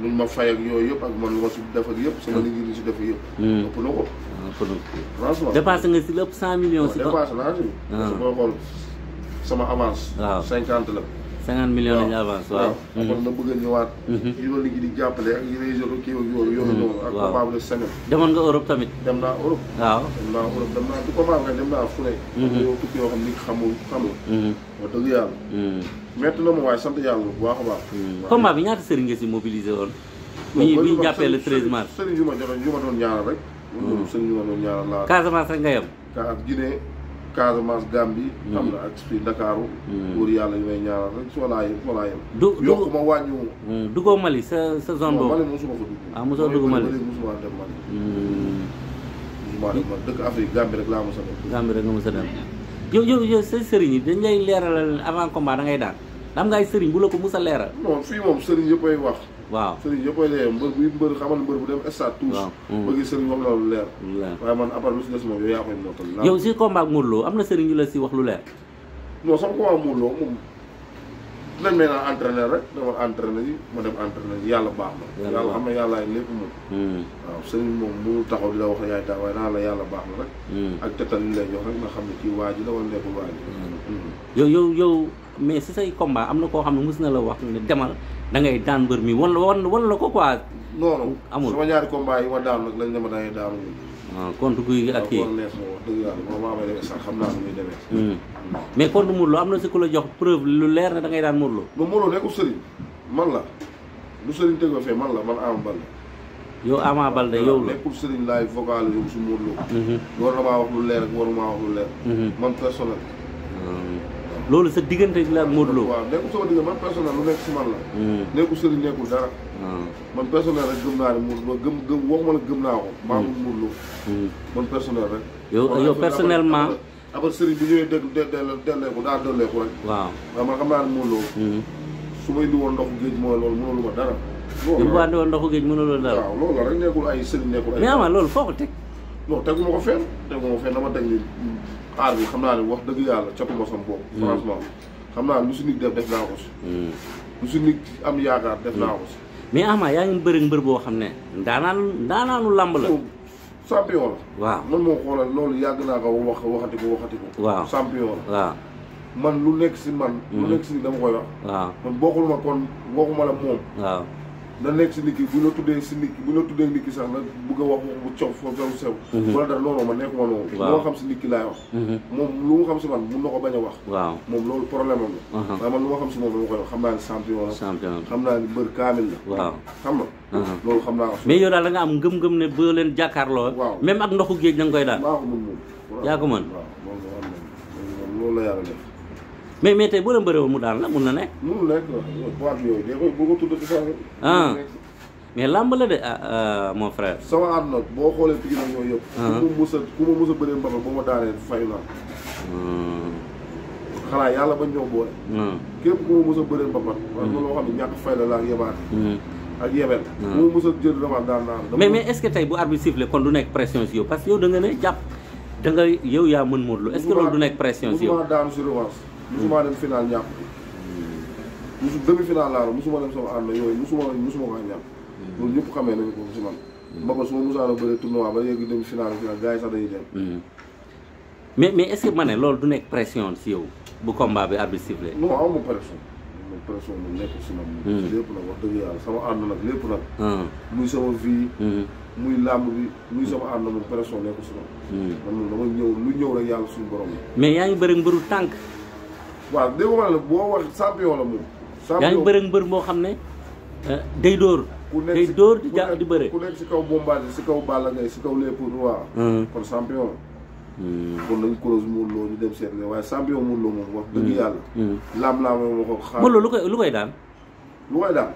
lu ma fay ak yooyu yëpp ak man lu ma si def yëpp sama liggéey li si def yëpp. ëpp na ko. Ah, ëpp na ko franchement. nga si lépp cent millions. si ah. boo sama avance. waaw cinquante la. 50 million lañu avance waaw. kon na mhm. mhm. demoon nga Europe tamit. dem naa Europe. waaw dem naa Europe dem naa du combat nga dem naa fu ne. Mhm. yow tukki yoo xam ni waaye sant yàlla bu baax a baax. combat bi ñaata sëriñ nga si mobilisé woon. bu ñu jàppee le 13 mars. Casamance rek nga yem. Casamance Gambie. xam mm. nga ak fii Ndakaaru. pour mm. yàlla ñu may ñaanal rek soolaa yem soolaa yem. du du ma wàññiwuma. Mm, duggoo Mali sa sa zone boobu. Mali mosuma ko dugg. ah mosoo dugg Mali dëkk Afrique Gambie rek laa mos dem. Gambie rek nga mos dem. yow yow sa sëriñ yi dañ lay leeralal avant combat da ngay daan da am nga sëriñ bu la ko mos a leeral. fii moom sëriñ yëppay wax. waaw sëriñ yëpp ay layee mbër buy bu dem stade tous mm. bëgg sëriñ wax waaye man après lu si des moom yow yaa koy mootal yow si combat Modou Lo am la wax lu leer non sama combat Modou Lo moom dinañ may naan entraîneur rek dama entraîné yi ma dem entraîné yi na yàlla xam ne mu mm. taxaw di la wax yaay taa waaye naa la yàlla baax na rek mm. ak tettal li lay jox nga xam ne kii waa ji la wala nekkul waa ji yow yow yow mais si say combat am na koo xam ne mës na la wax ne demal dangay ngay daan mbër mi wan wan wan la ko ko quoi. non amul sama ñaari combat yi ma daanu nag lañ ne ma da ngay daanu. waaw ah, compte guy ak kii hmm. mais compte mu Lo am na si ku la jox preuve lu leer ne da ngay daan Modou Lo. ba Modou Lo nekkul sëriñ man la lu sëriñ teg la fee man la man Ama Baldé. yow Ama Baldé yow la nekkul sëriñ laay vocal yow su Modou Lo. war na maa man personnel. Hmm. loolu sa diggante la ak Modou Lo. waaw nekkul sama diggante man personnel lu nekk si man la. Hmm. nekkul sëriñ nekkul dara. Hmm. man personnel rek gëm naa ne Modou Lo gëm gëm waxuma la gëm naa ko. maamu hmm. Modou Lo. man personnel rek. yow yow personnellement. après sëriñ bi ñëwee dégg dé delleeku daa delleeku rek. waaw waaw man xam naa ne su ma indi woon ndoxu géej mooy loolu mënul a dara. loolu la bu ma dara. nekkul ay sëriñ nekkul ay. mais ama loolu foo ko teg. non tegu ma ko fenn tegu ma ko fenn dama teg ni aar bi xam naa ne wax dëgg yàlla catu ma sama bopp. franchement xam naa lu si nit def def naa ko si. Hmm. lu si nit am yaakaar def naa ko si. Hmm. mais Ama yaa ngi bëri mbër boo xam ne daanaan daanaanu làmb la. champion la. waaw man moo xoolal loolu yàgg naa ko wax waxati ko waxati ko. waaw la man lu nekk si man. lu hmm. nekk si dama koy wax. waaw man bokkul kon bokkuma la moom. waaw. na nekk si nit ki bu la tuddee si nit ki bu la tuddee nit ki sax na bëgg a wax bu coow foofu dafa sew. Mhm. wala dara non non man nekkuma noonu. waaw loo xam si nit ki laay wax. Mhm. moom xam si man ko bañ a wax. waaw moom loolu problème am la. Uh-huh. waaye man lu ma xam si moom dama koy xam naa ne champion la. champion la xam naa ne mbër kaamil la. waaw xam nga. Uh-huh. mais yow daal da am ngëm-ngëm ne boo leen jàkkaarloo. waaw même ak ndoxu géej da nga koy daal. maa ko mën moom. yaa ko mën mais mais tey boo leen bëriwul mu daan la mun na nekk. mun na nekk waaw yooyu da koy bëgg a tudd ci ah mais làmb la de ah, ah, mon frère. sama àdduna boo xoolee tigi na ñooyu yëpp. Ah. ku ma mus a ku ma mus a bëree mbabal ba ma daanee fay hmm. hmm. a bëree la la ak yebaate. Hmm. ak yebet mu mos a jël revanche daan naa mais mais est que tey bu arbitre sifflé kon du nekk pression si yow parce que yow da ne jàpp da nga yow yaa mën Modou Lo est loolu du nekk pression si yow. musuma dem final ñàkk musu demi hmm. hmm. su ma a bëree tournoi ba léegi dem final final gars hmm. mais mais est-ce que du nekk si bu combat bi arbitre sifflé. non amu pression. pression moom nekk si dëgg yàlla sama ànd nag lépp nag muy sama vie muy làmb bi muy sama ànd moom pression nekk si lu ñëw rek yàlla suñu borom la mais yaa ngi bëri mbëru tànk waaw li ma la boo wax champion la moom. yaa ngi bëri mbër moo xam ne euh, day dóor. day dóor di jàpp di bëre ku nekk si kaw Bombardier si kaw Balla Gaye si kaw lépp waaw. Hmm. kon champion la. Hmm. kon nañ close Modou Lo ñu dem seet ne waaye champion Modou Lo hmm. moom wax ko xaar. Modou Lo lu koy lu koy daan. lu koy daan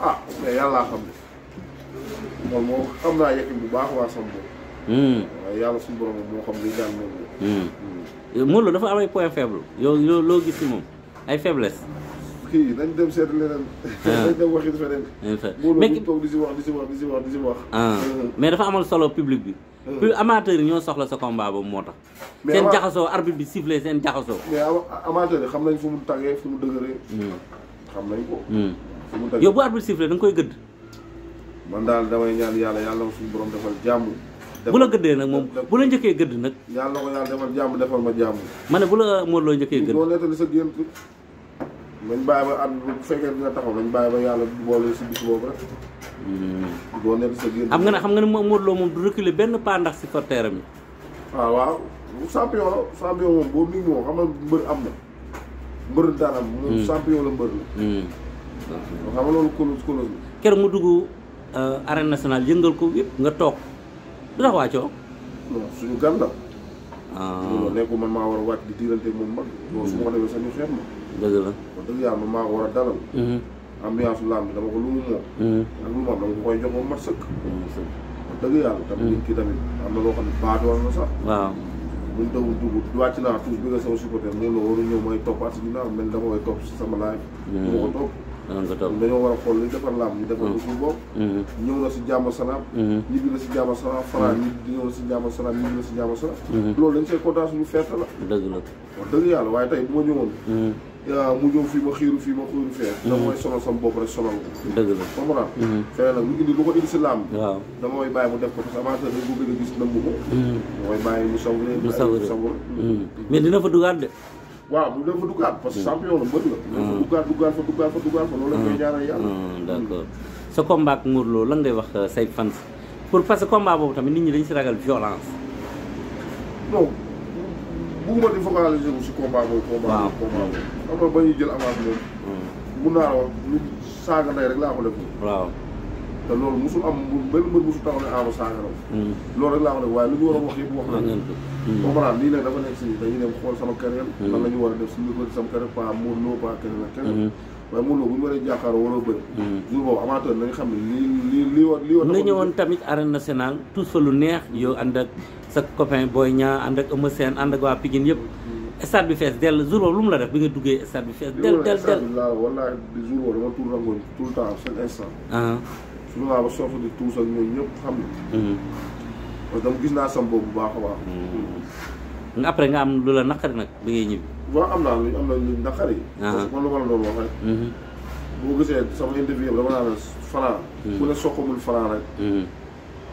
ah mais yàlla xam ne moom moom xam naa yekk bu baax waa sama bopp. waaye yàlla suñu borom moo xam li daan moom la. Modou Lo dafa am ay point faible yow loo gis ci moom ay faiblesse. kii dañ dem seetlu leneen. dañ ah. dem waxi feneen. mais si wax di si wax di si ah. mais dafa amal solo public bi. Ah. plus amateur yi ñoo soxla sa combat boobu moo tax. seen jaxasoo arbitre bi sifflé seen jaxasoo. mais amateur yi xam nañ fu mu tàggee fu mu dëgëree. Hmm. xam nañ ko. Hmm. fu mu tàggee yow bu da nga koy gëdd. man daal damay ñaan yàlla yàlla suñu borom defal Bulan la gëddee nag moom bu la njëkkee gëdd nag yàlla na ko yàlla defal jàmm defal ma jàmm ma ne bu la Modou Lo njëkkee gëdd doo nettali sa gént nañ bàyyi ba at bu fekkee dina taxaw nañ bàyyi ba yàlla boole si bis boobu rek doo hmm. nettali sa gént xam nga xam nga ne Lo moom du reculer benn pas ndax si forteera mi ah, waaw champion la champion xam nga am na hmm. champion la hmm. xam nga mu dugg euh, arène nationale yëngal ko yëpp nga du tax wàccoo. non suñu gan la. non ah. nekkul man maa war a wàcc di diirante moom mag. loolu su ma ko ma. dëgg la wax dëgg yàlla maa a dalal. Mhm. ambiance lamb bi dama ko lu mu moom. Mhm. ak lu mu am dama ko koy jox ba mat sëkk. Mhm. wax dëgg yàlla. tamit nit ki tamit na loo xam ne baatoon na sax. waaw. buñ dawul dugub wàcc naa tuus bi nga sama supporter moom la waru toppaat si ginnaaw mel dama koy topp si sama laaj. du ma ko topp. danañ ko topp dañoo war a xool li defar làmb ñu defar ko mm. suñu bopp mm-hmm. ñëw na si jàmm salaam ñibbi na si jàmm salaam fara ñi ñëw na si jàmm mm-hmm. salaam ñibbi na si jàmm salaam loolu dañ see kontaan suñu feet la dëgg la wax dëgg yàlla waaye tey bu ma ñëwoon mm-hmm. mu ñëw fii ma xiiru fii ma xiiru fee. dama may sonal sama bopp rek sonal ko. dëgg la comprendre. fee nag lu indi lu ko indi si làmb. waaw dama may bàyyi mu def ko parce que amateur dañ ko a gis nëmb ko. dama bàyyi mu saw. mu saw mais dina fa dugaat de. waaw bu dafa duggaat parce que hmm. champion la mbër la. dafa hmm. duggaat duggaat fa duggaat fa loolu la koy yàlla. Hmm, d'accord sa combat ak Modou Lo ngay wax euh, say fan pour parce que boobu tamit nit ñi dañu si ragal violence. non bugguma di focaliser wu si combat boobu. mun naa la wax saaga ndey rek laa ko def. waaw. te loolu mosul am benn mbër mosul taxaw ne Ama saagaram hmm. loolu rek laa ko def waaye lu ñu war a wax yëpp wax na hmm. comprendre lii nag dafa nekk si dañuy dem xool sama carrière hmm. la a def suñu bëri sama carrière pas Modou Lo pas keneen ak keneen waaye Modou Lo bu ñu waree jàkkaaroo war a bëri jour boobu amateur nañ xam ne lii lii lii war lii war nga ñëwoon tamit lu neex yow ànd sa copain Boy Niang ànd ak Eumeu Sène ànd ak yëpp stade bi fees dell jour boobu lu mu la def bi nga duggee stade bi fees dell dell dell wallaahi jour boobu dama tuur rangoon tout temps su ma la wax soofu di tuus ak ñoom xam nga. Mhm. parce que dama gis naa sam boobu bu baax a baax. Mhm. après nga am lu la naqari nag bi ngay ñibbi. waaw am naa lu am na lu naqari. parce que man lu ma la doon wax rek. Mhm. boo gisee sama interview yëpp dama naa ne Franc. ku ne soqamul Franc rek.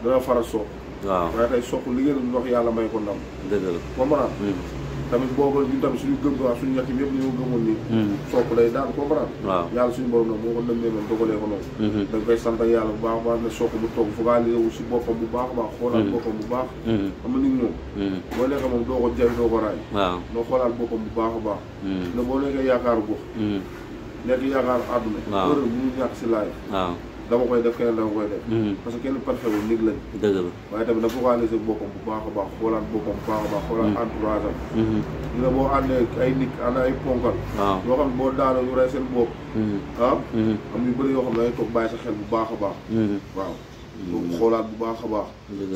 dana faral soq. waaw waaye tey soq li ngeen dox yàlla may ko ndam. dëgg la comprendre. tamit booba ñu tamit suñu gëm waa suñu ñàkk yëpp ñu gëmoon nii hmm. sook day daan comprendre waaw yàlla suñu moo ko dëmmee noonu dogalee ko noonu hmm. dañ koy sant yàlla bu baax baax ne sook mu toog focalisewu si boppam bu baax hmm. bu baax xam nga nit moom boo nekkee doo ko jaay doo ko raay waaw noo xoolaat boppam bu baax a baax ne boo nekkee yaakaaru gox nekk yaakaaru àdduna heure bu ñu ñàkk si laay dama koy def keneen dama koy def. Hmm. parce que kenn parfait wu nit lañ. dëgg la waaye tamit dafa focaliser boppam bu baax a baax bu baax baax. xoolaat hmm. hmm. boo àndee ay nit ànd ay ponkal. waaw yoo xam ne boo daanoo ñu rey seen bopp. ah. am yu bëri yoo xam ne bu baax a baax. waaw. donc bu baax a baax.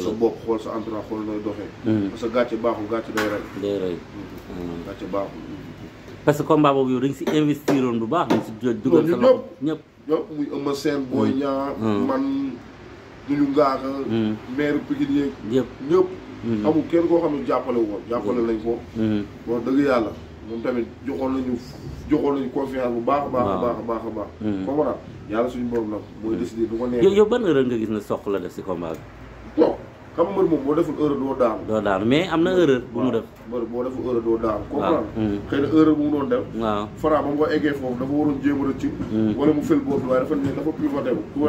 sa bopp xool sa entourage xool nooy doxee. parce que gàcce baax gàcce day rey. day rey ah. gàcce baaxul. parce que combat boobu yow dañ si investiroon bu baax dañ si dugal sa loxo ñëpp. ñoom muy Eumeu Sène mm. Boy Niang mm. man duñu ngaar mm. maire Pikine yeeg ñëpp ñëpp amul kenn koo xam ne jàppale woon jàppale lañ ko wax dëgg yàlla moom tamit joxoon nañu joxoon nañu confiance bu baax a baax baax a baax a baax comprendre yàlla suñu borom nag mooy décider du ko neex yow ban erreur nga gis ne soq la def si combat xam mbër moom boo deful erreur doo daanu. doo daanu mais am na erreur bu mu def. mbër boo deful erreur doo daanu. waaw comprendre hmm. na erreur bu mu doon def. waaw Franc ba mu ko eggee foofu dafa waroon jéem a rëcc. Hmm. wala mu fël boobu waaye dafa dafa hmm. dafa Franc ba mu pivoté wu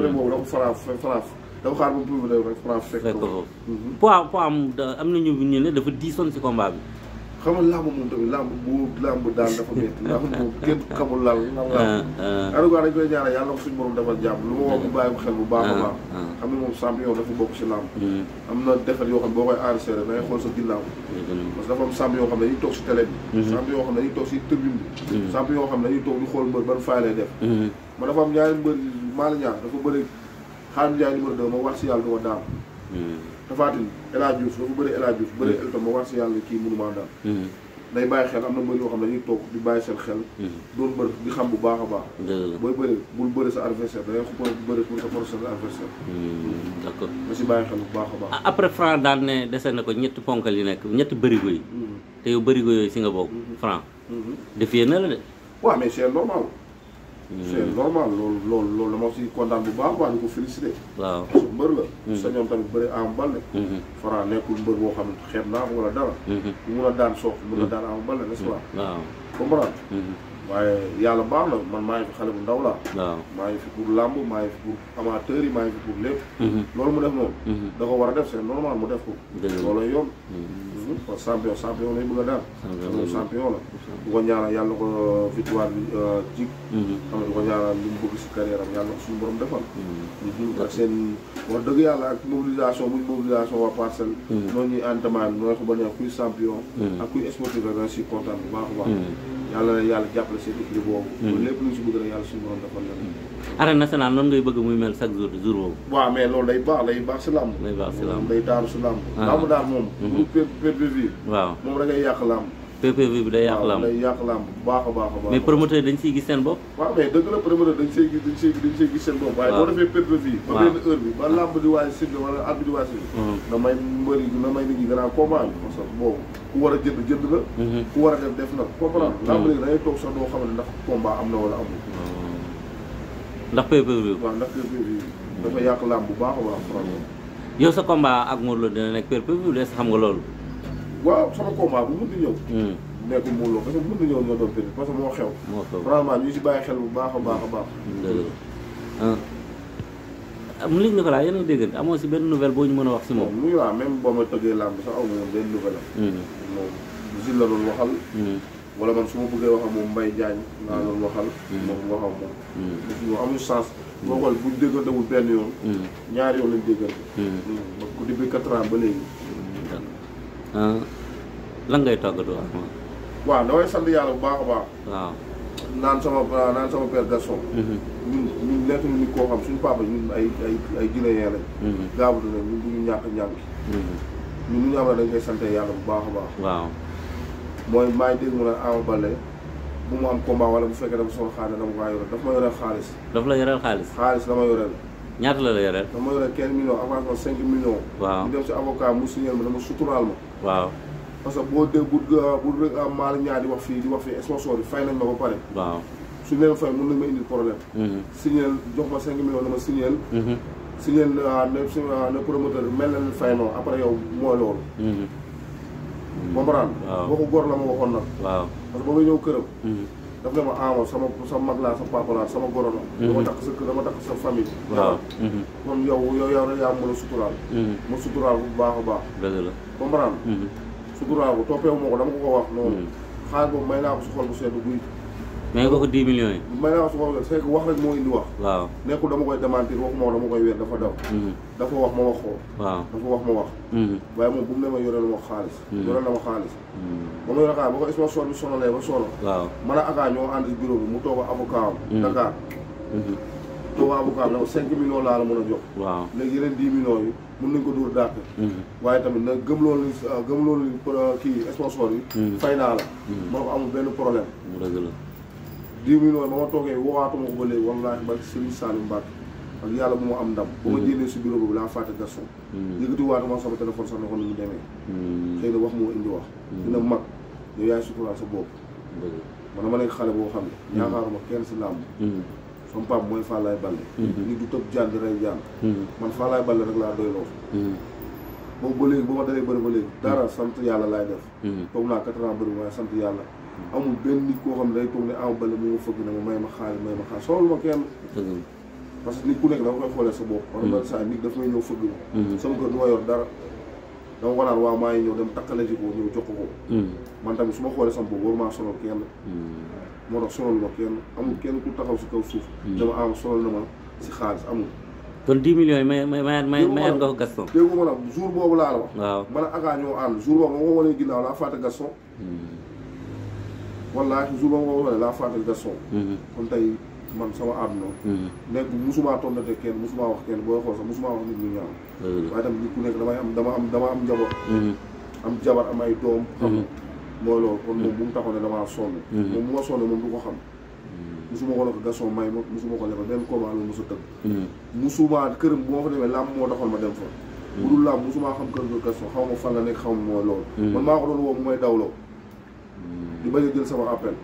rek am am na ñu ne dafa diisoon si combat bi. xam nga làmb moom tamit làmb bu làmb daal dafa métti làmb moom kenn xamul lal lal làmb ah, ah. en tout cas xel bu baax a ah, baax xam ne moom champion dafa bokk si làmb hmm. am na defet yoo xam ne boo koy enregistré da ngay xool sa ginnaaw parce que dafa am champion yoo xam ne dañuy bi hmm. champion yoo xam ne dañuy toog si tribune bi hmm. champion yoo xam ne dañuy toog di xool mbër ban faay lay def ma dafa am ñaari mbër maa ñaar dafa bëri xaar Ndiaye numéro deux ma wax si yàlla du ma Tafatine El Hadj Diouf dafa bëri El Hadj ma mm. wax si yàlla kii mënumaa daal mm. day bàyyi xel am na mbër yoo xam ne dañuy toog di bàyyi seen xel mm. doon mbër di xam bu baax a baax booy bëri bul bëri sa adversaire da ngay xupa bëri sa forcer sa adversaire d'accord nga si bàyyi xel bu baax a baax après Franc daal ne dese na ko ñetti ponkal yi nekk ñetti bërigo yi te yow bërigo yooyu si nga bokk mm-hmm. Franc mm-hmm. defee na la de waaw mais c'est normal Hmm. c'est normal loolu loolu loolu dama si kontaan bu baax baax di ko félicité. waaw su mbër la. sa hmm. ñoom tamit bëri am bal la. Hmm. Franc nekkul mbër boo xam ne xeeb naa ko wala dara. mu mun a daan soog mun na daan am bal la n'est-ce waaw. comprendre waaye yàlla baax na man maa ngi fi xale bu ndaw laa waaw maa ngi fi pour làmb maa fi pour amateur yi maa ngi fi pour lépp loolu mu def noonu da ko war a def c'est normal mu def ko loolay yoon parce que champion champion lay a daan moom champion la yàlla na ko victoire bi jig xam ne du ko ñaanal li mu bëgg si carrière am yàlla defal seen wax dëgg yàlla ak mobilisation muy mobilisation waa parcelle noonu ñuy entamé nooy ko ba ne kuy champion ak kuy sportif rek si kontaan bu baax baax yàlla na yàlla jàppale seen équipe boobu. Hmm. lépp lu ñu si bëgg rek yàlla suñu borom defal leen. Hmm. arène muy mel chaque jour boobu. waaw mais loolu day baax day baax si làmb. day taaru si làmb. Ah. làmb daal moom. bu hmm. PPV. waaw moom bi day yàq làmb day yàq làmb baax a baax a mais promoteur dañ siy gis seen bopp. waaye boo defee PPV. waaw ba benn heure bi ba làmb di waay cible wala arbitre di waay cible. na mbëri na may nit ñi gannaaw bi parce que boobu ku war a jënd jënd na mhm. ku war a def def na comprendre lamb léegi mhm. da ngay toog sax xam ne ndax combat am na wala amul mhm. ndax pay-per-view waaw ndax pay-per-view dafa yàq bu baax a baax franchement yow sa combat ak Modou Lo dina nekk pay-per-view lees xam nga loolu waaw sama combat bu mun di ñëw nekk Modou Lo parce que mun di ñëw nga doon pay parce que moo xew moo xew ñu si bàyyi xel bu baax baax baax a baax am liñ Nicolas yéen a ngi déggante amoo si benn nouvelle boo ñu mën a wax si moom. muy waaw même boo ma tëggee làmb sax aw ma woon benn nouvelle am. Hmm. moom Zil la doon waxal. Hmm. wala man su ma bëggee wax ak moom Mbaye Diagne. naa doon waxal. Hmm. moom wax ak moom. nit ñi benn yoon. ñaari yoon lañ déggante. ba ku depuis ba léegi. Ah. lan ngay tàggatoo ak moom. waaw damay yàlla bu baax baax. waaw. naan sama naan sama père Gaston. Mhm. ñun ñun nekk nañu koo xam suñu papa ñun ay ay ay guinéen lañ. Mhm. ñu ñàkk ñàkk. Mhm. ñun lu ñu am na dañ koy yàlla bu baax a baax. waaw mooy maa dégg mu ne Ama Baldé bu mu am combat wala bu fekkee dafa soxla xaalis dama kaa yoreel daf ma yoreel xaalis. daf la yoreel xaalis. xaalis dama yoreel. ñaata la la yoreel. dama yoreel 15 millions avance ma 5 millions. waaw ñu dem si avocat mu signé ma dama suturaal ma. waaw. parce que boo dégg bu bu maal ñaar di wax fii di wax fii sponsor bi fay nañ ma ba pare. waaw suñu leen fay mën nañ ma indil problème. Mhm. signal jox ma 5 millions na ma signal. Mhm. Euh, ne euh, ne mel na fay ma après yow mooy loolu. Mhm. comprendre. waaw waxu góor la ma waxoon nag. parce que ba ma ñëw këram. daf ne ma aama ah, sama mag laa sa papa sama goro la. dama takk sa kër dama sa waaw kon yow yow yaa mën a suturaal. ma suturaal bu baax baax. dëgg la comprendre. suturaagu toppeewu ma ko dama ko ko wax noonu hmm. xaalis boobu may naa ko si xol bu sedd guy mais nga ko 10 may naa ko si xol bu sedd wax rek moo indi wax waaw nekkul dama koy ma ko dama koy weer dafa daw hmm. dafa wax ma wax ko waaw dafa wax ma wax hmm. waaye moom bu mu ne ma yoreel ma xaalis yoreel na ma xaalis ba ma yore xaalis ba ko sponsor bi sonalee ba sonal waaw man a akaa ñoo ànd si mu toog avocat am Dakar Touba bu Kaam nag 5 millions laa la mën a jox. waaw léegi yeneen 10 millions yi mën nañ ko dóor dàq. Mhm. waaye tamit nag gëm loolu euh, gëm loolu kii sponsor yi. Mhm. fay naa la. Mhm. ma ko amul benn problème. la 10 millions ba toogee woowaatuma ko ba léegi wallaahi ba Serigne Salim Mbacke ak yàlla bu ma am ndam. ba ma jéemee si bureau boobu laa fàtte Gaston. yëkkatiwaat ma sama téléphone sax ne ko ni mu demee. xëy wax moo indi wax. dina mag yow yaay suturaal sa bopp. dëgg la man dama xale boo xam ne. yaakaaruma kenn si làmb. sama pap mooy Fallaye Baldé mm-hmm. nit du topp jaan di rey jaan mm-hmm. man Fallaye Baldé rek laa doy mm-hmm. boobu ba léegi ba ma dalee bëri ba léegi dara sant yàlla laay def toog naa quatre ans bëri waaye sant yàlla amul benn nit koo xam ne day toog ne ama bale mu ma fëgg ne ma may ma xaalis may ma xaalis soxla ma kenn parce que nit ku nekk dama koy sa bopp man ba saa nit daf may ñëw fëgg ma sama kër du ma yor dara dama ko naan waaw ñëw dem takkale ji jox ko man tamit su ma xoolee sama bopp war maa moo tax sonal ma kenn amul kenn ku taxaw si kaw suuf. Hmm. dama am sonal na ma si xaalis amul. kon 10 millions yi may may may may nga ko Gaston. dégg nga maanaam jour boobu laa la wax. waaw man ak Aka ñoo ànd jour boobu ma ko wanee ginnaaw laa fàtte Gaston. Hmm. Hmm. kon tey man sama àdduna. nekk musumaa tonnate kenn musumaa wax kenn booy xool sax musumaa wax nit ñu ñaaw. waaye tam ku nekk damay am dama am dama am njaboot. am jabar am ay doom. mbooloo kon moom mm. bu mu taxoon ne damaa sonn mm-hmm. moom bu ma sonn moom du ko xam mm-hmm. musuma ko ko gasson may ma musuma ko defal ba combat la mosa tëgg mm-hmm. musuma këram bu ma fa demee làmb moo taxoon ma dem fa bu dul làmb musumaa xam kër ga xaw ma fan la nekk mooy loolu man maa ko doon woo mu may dawloo di bañ a jël sama appel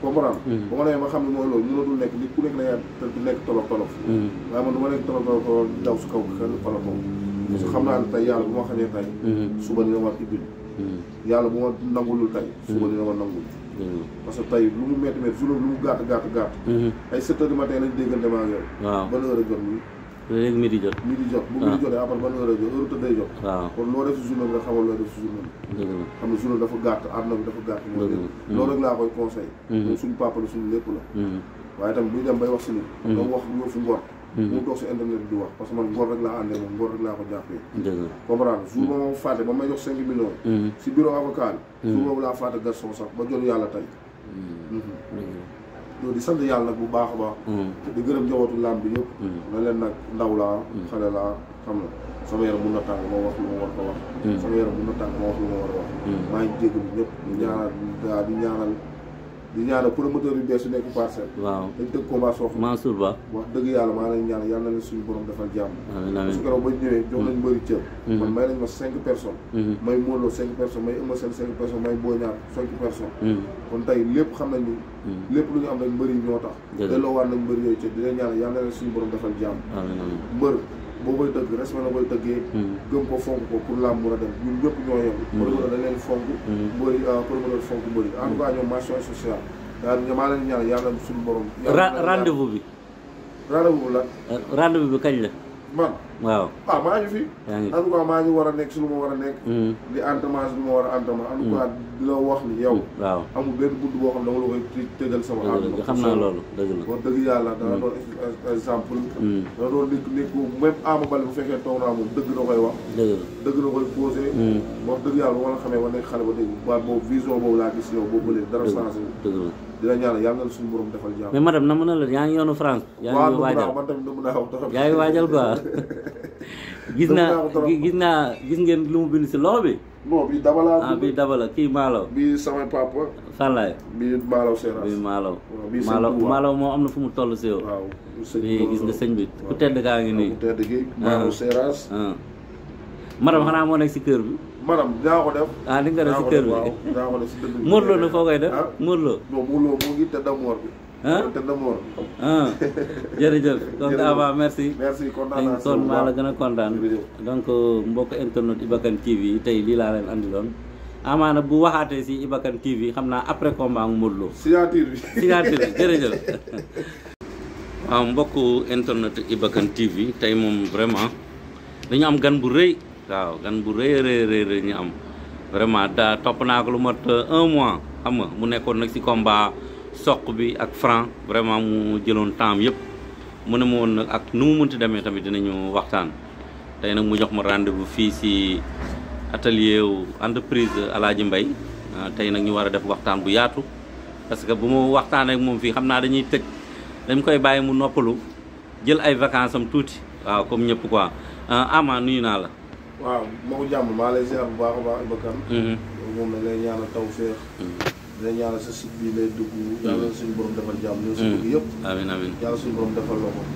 comprendre xam ne mooy loolu mënatul nekk nit ku nekk na yaa di nekk tolof ma nekk tolof tolof tolof di daw naa ne tey yàlla bu ma xañee tey suba dina war ibbil Hmm. yàlla bu ma nangulul tey suba hmm. dina ma nangul hmm. parce que tey lu mu métti métti journée lu mu gàtt gàtt gàtt ay sept heures du matin lañ déggante maa ngi waaw ban heure a jot nii léegi midi jot midi jot bu ah. midi jotee après ban heure a jot heure tëdd day jot waaw kon loo def si journée bi nga xamal loo def si journée bi xam ne journée dafa gàtt àdduna bi dafa gàtt moo loolu rek laa koy conseil suñu papa la suñu lépp la waaye tamit buy dem bay wax si nit nga wax nga fi ngor Mhm. mu toog si internet bi di wax parce que man ngor rek laa àndee moom ngor rek laa ko jàppee comprendre jour ba ma fàtte ba may jox cinq millions mhm. si bureau avocat bi jour mhm. boobu laa fàtte garçon sax ba jot yàlla tey loolu di sant yàlla nag bu baax a baax di gërëm njabootu làmb bi yëpp na leen nag ndaw laa xale laa xam na sama yaram mun na tàng ma wax lu ma wax wax a maa ngi jégg bi ñëpp ñaanal di ñaanal di ñaana promoteur yu bees yu nekk parcelle. waaw dañ dëgg combat Sokh. Mansour Ba wax dëgg yàlla maa ngi leen ñaanal yàlla na leen suñu borom defal jàmm. amiin amiin su ko ba ñu mhm. may nañ cinq personnes. Mhm. may Modou cinq personnes may Eumeu Sène cinq personnes mhm. kon tey lépp xam nañ ni. lépp lu ñu am rek mbëri yi ñoo tax. delloowaat nañ mbëri yooyu cër di leen ñaanal yàlla na leen suñu borom defal jàmm. amiin amiin mbër. boo koy dëgg respect la koy dëggee hmm. gëm ko fonk ko pour làmb mën a dem ñun ñëpp ñoo yem hmm. promoteur da leen fonk hmm. mbëri euh, promoteur fonk mbëri en tout cas ñoom mention sociale daal maa leen ñaan yàlla suñu borom rendez-vous bi rendez-vous bi la euh, rendez bi kañ la man waaw ah maa ngi fi en tout cas maa ngi war a nekk si lu ma war a nekk mm. di entraînement lu ma war a entraînement en tout mm. cas di wax ni yow waaw amul benn bunt boo xam ne dama la koy tëgal sama àdduna xam naa loolu dëgg la dëgg yàlla dana mm. doon exemple dana doon nekk nekk même Ama Baldé bu fekkee toog naa moom dëgg na koy wax dëgg la dëgg na koy posé wax dëgg yàlla ba ma la xamee ba nekk xale ba dégg ba boobu vision boobu laa gis yow boobu ba dara changé dëgg di la ñaanal yàlla suñu borom defal jàmm mais madame na mën la yaa yoonu France yaa ngi man tamit du mën a wax trop yaa quoi gis naa gis naa gis ngeen lu mu bind si loxo bi non bi dabala ah bi dabala kii maalaw bi sama papa fanlaay bi maalaw seeraas bi maalaw maalaw malo moo am fu mu toll si yow waaw gis nga sëñ bi ku tedd kaa ngi nii ku tedd gi ah. maalaw seeraas ah. madame xanaa moo nekk si kër bi maanaam dinaa ko def. ah li nga def si kër bi waaw dinaa ko def si dëkk bi. Morlo nag foo koy def ah? Morlo. moo ngi tëdd moor bi. ah tëdd moor. ah jërëjëf. merci. merci kontaan maa la gën a kontaan. donc mbokk internet Iba Kane TV tey lii laa leen andiloon. amaana bu waxaatee si Iba Kane TV xam naa après combat mu Morlo. signature bi signature bi jërëjëf. mbokk internet Iba Kane TV tey moom vraiment dañu am gan bu rëy. waaw gan bu rëy a rëy rëy ñu am vraiment da topp naa ko lu mat euh, un mois xam nga mu nekkoon nag ci combat soq bi ak franc vraiment mu jëloon temps yëpp mu ne ma woon ak nu mu munti demee tamit dinañu waxtaan tey nag mu jox ma rendez bu fii ci atelier wu entreprise Alaaji Mbay ah, tey nag ñu war a def waxtaan bu yaatu parce que bu ma waxtaanee moom fii xam naa dañuy tëj dañ koy bàyyi mu noppalu jël ay vacances tuuti waaw comme ñëpp quoi ah, ama nuyu naa la waaw moo ko jàmm maa lay ziar bu baax a baax Iba Kane mm-hmm. moom na lay ñaanal taw féex mm-hmm. dinañ ñaanal sa site bii mm. suñu borom defal jàmm. ñoom suñu dugg yëpp. amiin amiin yàlla suñu borom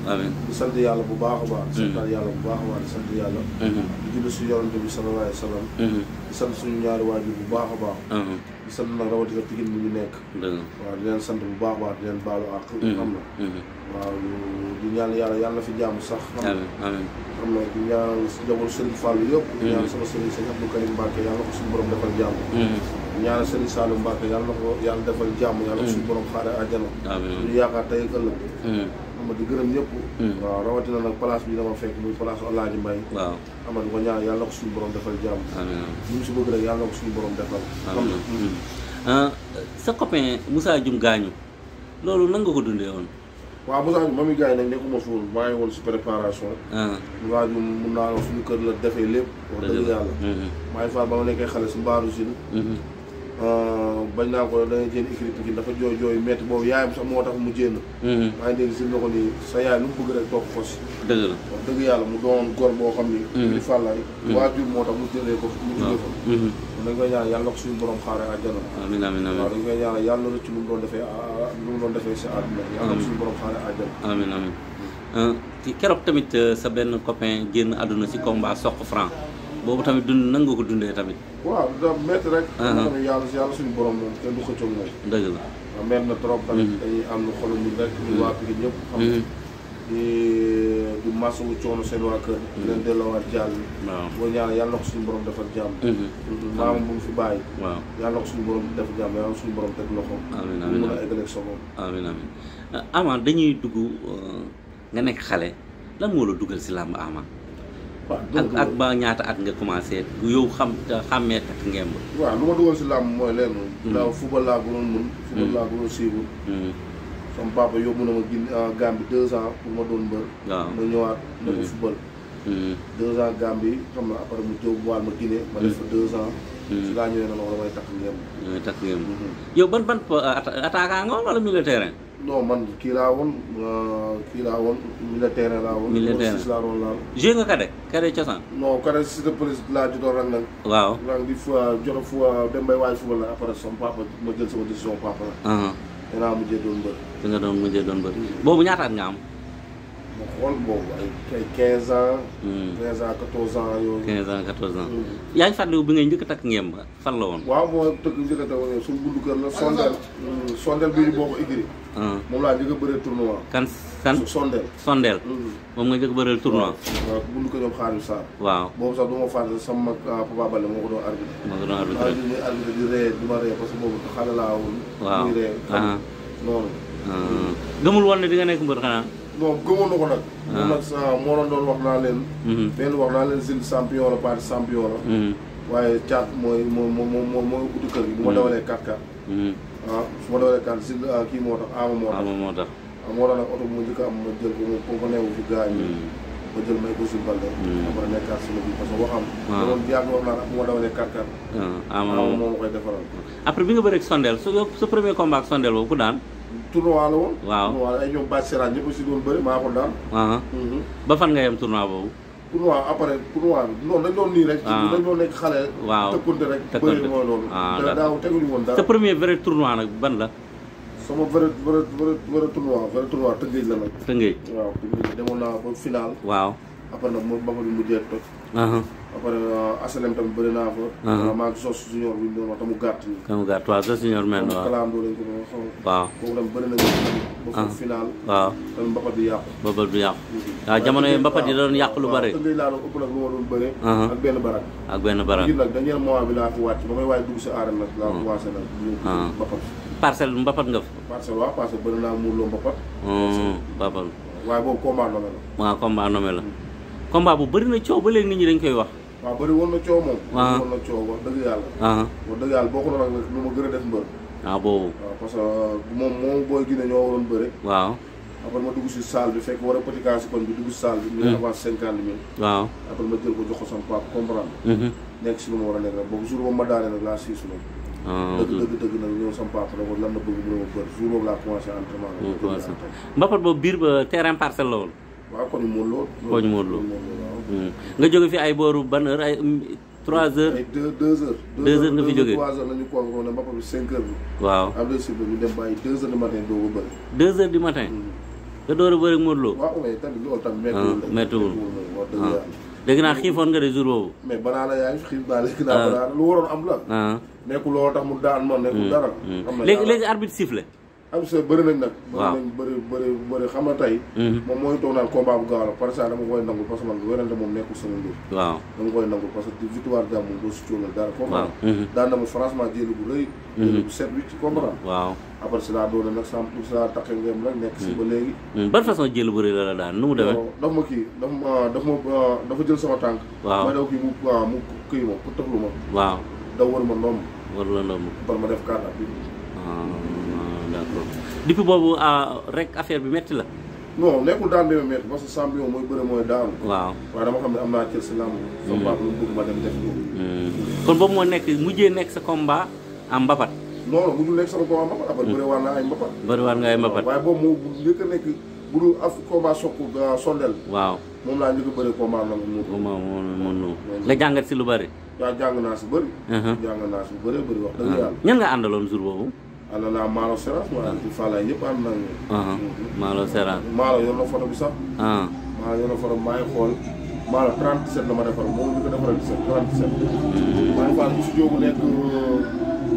la di sant bu baax a baax. Mm. sant a baax di sant yàlla. Mm-hmm. di julli mm-hmm. suñu ñaari waajur bu baax a baax. Mm-hmm. di sant nag rawatina Pikine bi ñu nekk. waaw di leen sant bu baax a baax di leen baalu àq. xam na waaw di ñaan yàlla yàlla fi jàmm sax. amiin amiin xam nga di ñaan jamono Serigne Fallou yëpp. di ñaan sama Serigne Serigne Abdou Karim Mbacke yàlla ko suñu borom defal jàmm. ñaanal Serigne Saliou Mbacke yàlla na ko yàlla defal jàmm yàlla na mm. suñu borom xaare àjjana suñu yaakaar tey ëllëg mm. ma di gërëm ñëpp mm. waaw rawatina nag place bi dama fekk muy place Alaaji Mbay waaw ama ko ñaan yàlla na ko suñu borom defal jàmm ñu si bëgg rek yàlla ko suñu borom defal am ah, sa copain Moussa Dioum gaañu loolu nan nga ko dundee woon waaw Moussa Dioum ma muy gaañ nag nekkuma fi woon maa ngi woon si préparation ah. Moussa Dioum mun naa suñu kër la defee lépp wax dëgg yàlla mm-hmm. maa ngi faal ba ma nekkee xale si mbaaru Euh, bañ naa ko da ngay jël dafa jooy jooy métti boobu yaayam sax moo tax mu jénn mhm. maa ngi dégg si na ko nii sa yaay lu mu bëgg rek toog ko si dëgg la dëgg yàlla mu doon góor boo xam ni mhm. di fàllaay mhm. waajur moo tax mu jële ko mu jëlee ko dañ koy yàlla ko suñu borom xaare àjjana amiin amiin amiin waaw dañ koy ñaan yàlla rëcc lu mu doon defee lu mu doon defee si àdduna yàlla na ko suñu borom xaare àjjana amiin amiin ah, ah, ah, euh, keroog tamit euh, sa benn copain génn àdduna si combat soq franc boobu tamit dund nangoo ko dundee tamit. waaw da métti rek. tamit yàlla suñu borom moom kenn du xëccoo moom. dëgg la waaw na trop. tamit mhm. dañuy am lu xolu ñu rek. ñu mhm. waa ñëpp. xam mhm. di di masawu coono seen waa kër. leen delloowaat jàll. waaw boo ñaanal yàlla na ko suñu borom defal jàmm. fi bàyyi. waaw yàlla na ko suñu borom def jàmm yàlla na suñu borom teg loxo. amiin amiin mu mën a eggaleeg soxoom. amiin amiin dañuy dugg euh, nga nekk xale la moo la dugal si làmb Ama. ak ak ba ñaata at nga commencé yow xam xàmmee takk ngemb waaw lu ma dugal si làmb mooy leen la hmm. football laa ko doon mun hmm. football laa ko doon siibu hmm. sama papa yóbbu na ma ah, pour ma doon mbër waaw ma ñëwaat ma ko def fa deux ans si laa ñëwee na ma a may takk ngemb takk ngemb yow ban ban ah, attaquant nga wala milieu terrain non man kii laa woon euh, kii laa woon militaire laa woon. militaire laa woon laa joué nga kade kade cosaan. non kade si de police laa juddoo rang nag. waaw rang di fois joro fois dem bay waay football la après sama papa ma jël sama décision papa la. Uh-huh. dinaa mujjee doon mbër. dinga doon mujjee doon mbër boobu ñaataat nga am. mu xool boobu ay quinze ans. Hmm. quinze ans quatorze ans yooyu. quinze ans quatorze ans. Hmm. yaa ngi fàttaliwu bi ngay njëkk a takk ngemb fan la woon. waaw moo tëkk njëkk a takk ngemb suñu gudd kër la sondel. Hmm, sondel bii boo ko igri. Ah. moom laa njëkk a bëree tournoi. kan kan sondel. sondel. moom nga njëkk a bëree tournoi. waaw gudd kër ñoom xaaru Sarr. waaw boobu sax du ma fàtte sama ah, papa Bale moo ko doon arbitre. moo ko doon arbitre maa ngi arbitre di ree di ma ree parce que boobu xale laa woon. waaw muy ree ah. noonu. gëmul woon ne di nga nekk mbër xanaa. non gëmoon na ko nag. Ah. moom nag moo doon wax naa leen. Mhm. benn wax naa leen Zil champion la Pathé champion la. Mhm. waaye caat mooy moo moo moo moo uti kër yi bu ma mhm. dawalee 4-4. waaw ah, su ma dawalee 4 Zil ah, kii moo tax bu ma njëkk a am ma jël ko ma ko newu fi gaañ. ma jël may ko Zil Baldé. ma nekkaat si bi parce que wax naa moo ma koy defaral. après bi nga bëreeg Sondel sa su premier combat ak Sondel boobu daan. tournoi la woon. waaw tournoi ay ñoom Bathie Serap ñëpp si doon bëri maa ko daan. Uh-huh. Mhm. ba fan nga yem tournoi boobu. tournoi après tournoi bi noonu dañ doon nii rek. Ah. waaw ah, dañ woon dara. sa premier vrai tournoi nag ban la. sama vrai vrai vrai tournoi vrai tournoi Tëngéej la nag. Tëngéej waaw demoon naa ba final. waaw après nag moom ba ma mujjee toj. ba pare asalem tam bëri naa sos junior bi doon wax tamu gàtt ni tamu gàtt waaw sos junior men oh. waaw kalaam final waaw tam mbapat bi yàqu mbapat bi yàqu waaw jamono yi mbapat yi da doon yàq lu bëri tëgg laa doon ëpp nag lu ma doon bëri ak benn barak ak benn barak nag dernier mois bi laa fi wàcc ba may waay dugg si aaren nag laa combat bu bari na ciow ba leg nit ñi dañ koy wax. wa bari won na ciow moom. won na ciow wax deug yalla ah wa deug yalla ko doon nak luma gëna def mbeur ah bo parce que mom moom booy Guinée ñoo waron bëri. waaw. après ma dugg ci salle bi fekk wara petit cas kon bi dugg ci salle bi. ñu avance cinquante mille. waaw après ma jël ko jox ko sama papa comprendre. hmm si lu ma war a nekk rek boobu jour boobu ma daalé daanee nag laa siisu Ah, dëgg dëgg dëgg nag ñëw sama papa ne ko lan la bëgg mu ne ma bëri jour boobu laa commencé entraînement. mbapat boobu biir ba terrain parcelle la woon waaw koñu Modou Lo. koñu Modou hmm. nga jóge fi ay booru ban heure ay hmm, trois heures. ay deux deux heures. deux heures nga fi jógee la ñu kooku ne boppam cinq heures la. waaw am na suba ñu dem ba ay deux heures du matin doo ko bëri. deux hmm. nga door a bëri ak Modou Lo. waaw mais tamit loolu tam ah, méttiwul la méttiwul waaw ah. naa xiifoon nga de jour boobu. mais banaana yaa léegi naa ah. banaana lu waroon am la. nekkul loolu tax mu daan ma nekkul dara. léegi léegi arbitre siffle am sa bëri nañ nag. waaw bëri nañ bëri xam na tey. Mm-hmm. moom mooy toog naan combat bu gaaw la parce que dama koy nangul parce que man wérante moom nekkul sama mbir. waaw mm-hmm. ma mm-hmm. nekk ba léegi. ban façon jëli bu rëy la la daan nu mu demee. daf ma kii ah, dafa jël sama tànk. waaw ma daw kii mu ah, mu kii ma ku tëxlu ma. waaw daw wër ma ndomb. wër la ndomb. par ma def kàddaa bi. Ah. d'accord depuis ah, rek affaire bi metti la non nekkul daan bi ma metti parce que champion mooy bëre mooy daanu waaw waaye dama xam ne am naa cër si lamb lu mm. bëgg ma dem def mm. kon boobu moo nekk mujjee nekk sa combat am mbapat non mujjul nekk sama combat mbapat après mm. bëre ay nga ay waaye af combat ah, sondel waaw si lu bëri waaw jàng naa si bëri uh-huh. jàng naa si lu bëri wax dëgg uh-huh. ñan nga jour alala Malo Seras wala Fala yëpp ànd nañu. Uh-huh. Malo Seras. Malo yor na bi sax. Malo yor na photo uh-huh. maa ngi xool Malo 37 la ma defar moom la ñu ko defaral 37 37. bi.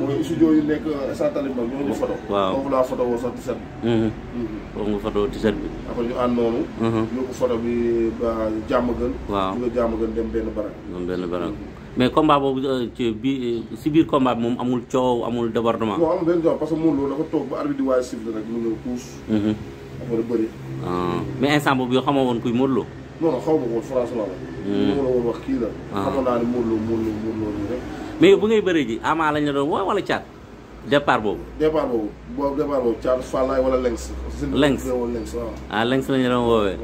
Mm-hmm. Mm-hmm. foofu nga photo 17 bi. après ñu ànd noonu. Mm-hmm. jàmm gën. waaw benn barak. dem mais combat boobu euh, ci bi si biir combat moom amul coow amul débordement. non amul benn coow parce que Modou Lo dafa toog ba arbitre di mhm. ah, mais instant boobu xamoo woon kuy Modou la hmm. la. ma la ah. mais bu ngay bëree ji Ama la doon woo wala caat départ boobu. départ boobu boobu départ boobu caat Fallaye wala ah, la doon woowee.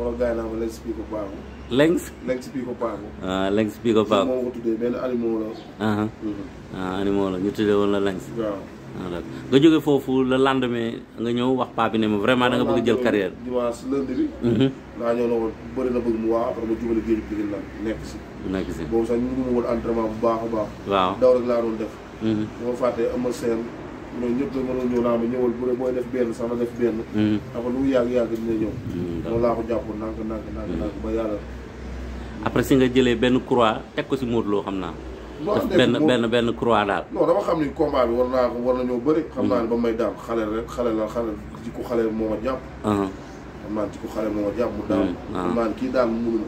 lynx lynx bii ko paagu waaw ah, lynx bii ko paagu moo ko tuddee benn animal la ah ah, mhm. ah animal la ñu tuddee woon la lynx waaw ah, nga jóge foofu le lendemain nga ñëw wax paa bi ne ma vraiment da nga bëgg jël carrière dimanche lundi bi mhm. laa ñëw na woon na bëgg waa après ma jubale géej la nekk si nekk si boobu sax ñu ngi ma woon entraînement bu baax a baax waaw daw rek laa doon def mhm. bu ma fàttee ama seen loolu ñëpp da ñëw naa ma ñëwal bu dee booy def benn sax na def benn ndax mm. lu mu yàgg-yàgg dina ñëw mm. loolu laa ko jàpp nànk nànk nànk mm. nànk ba yàlla après si nga jëlee benn croix teg ko si Modou loo xam naa def benn benn benn croix daal non dama xam ni combat bi war naa ko ñoo bëri xam ne ba may daan xale rek xale la xale ci xale moo ma jàpp uh-huh. xam naa ne xale moo ma jàpp mu daan ah. xam naa ne kii daan mënu ma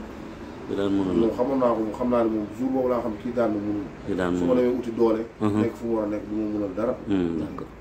di daan mënul moom xamoon naa ko moom xam naa ne moom jour boobu laa xam kii daan na mënul. kii daan mënul su ma demee uti doole. Mhm. nekk fu mu war a nekk du ma mënal dara. Mhm, d'accord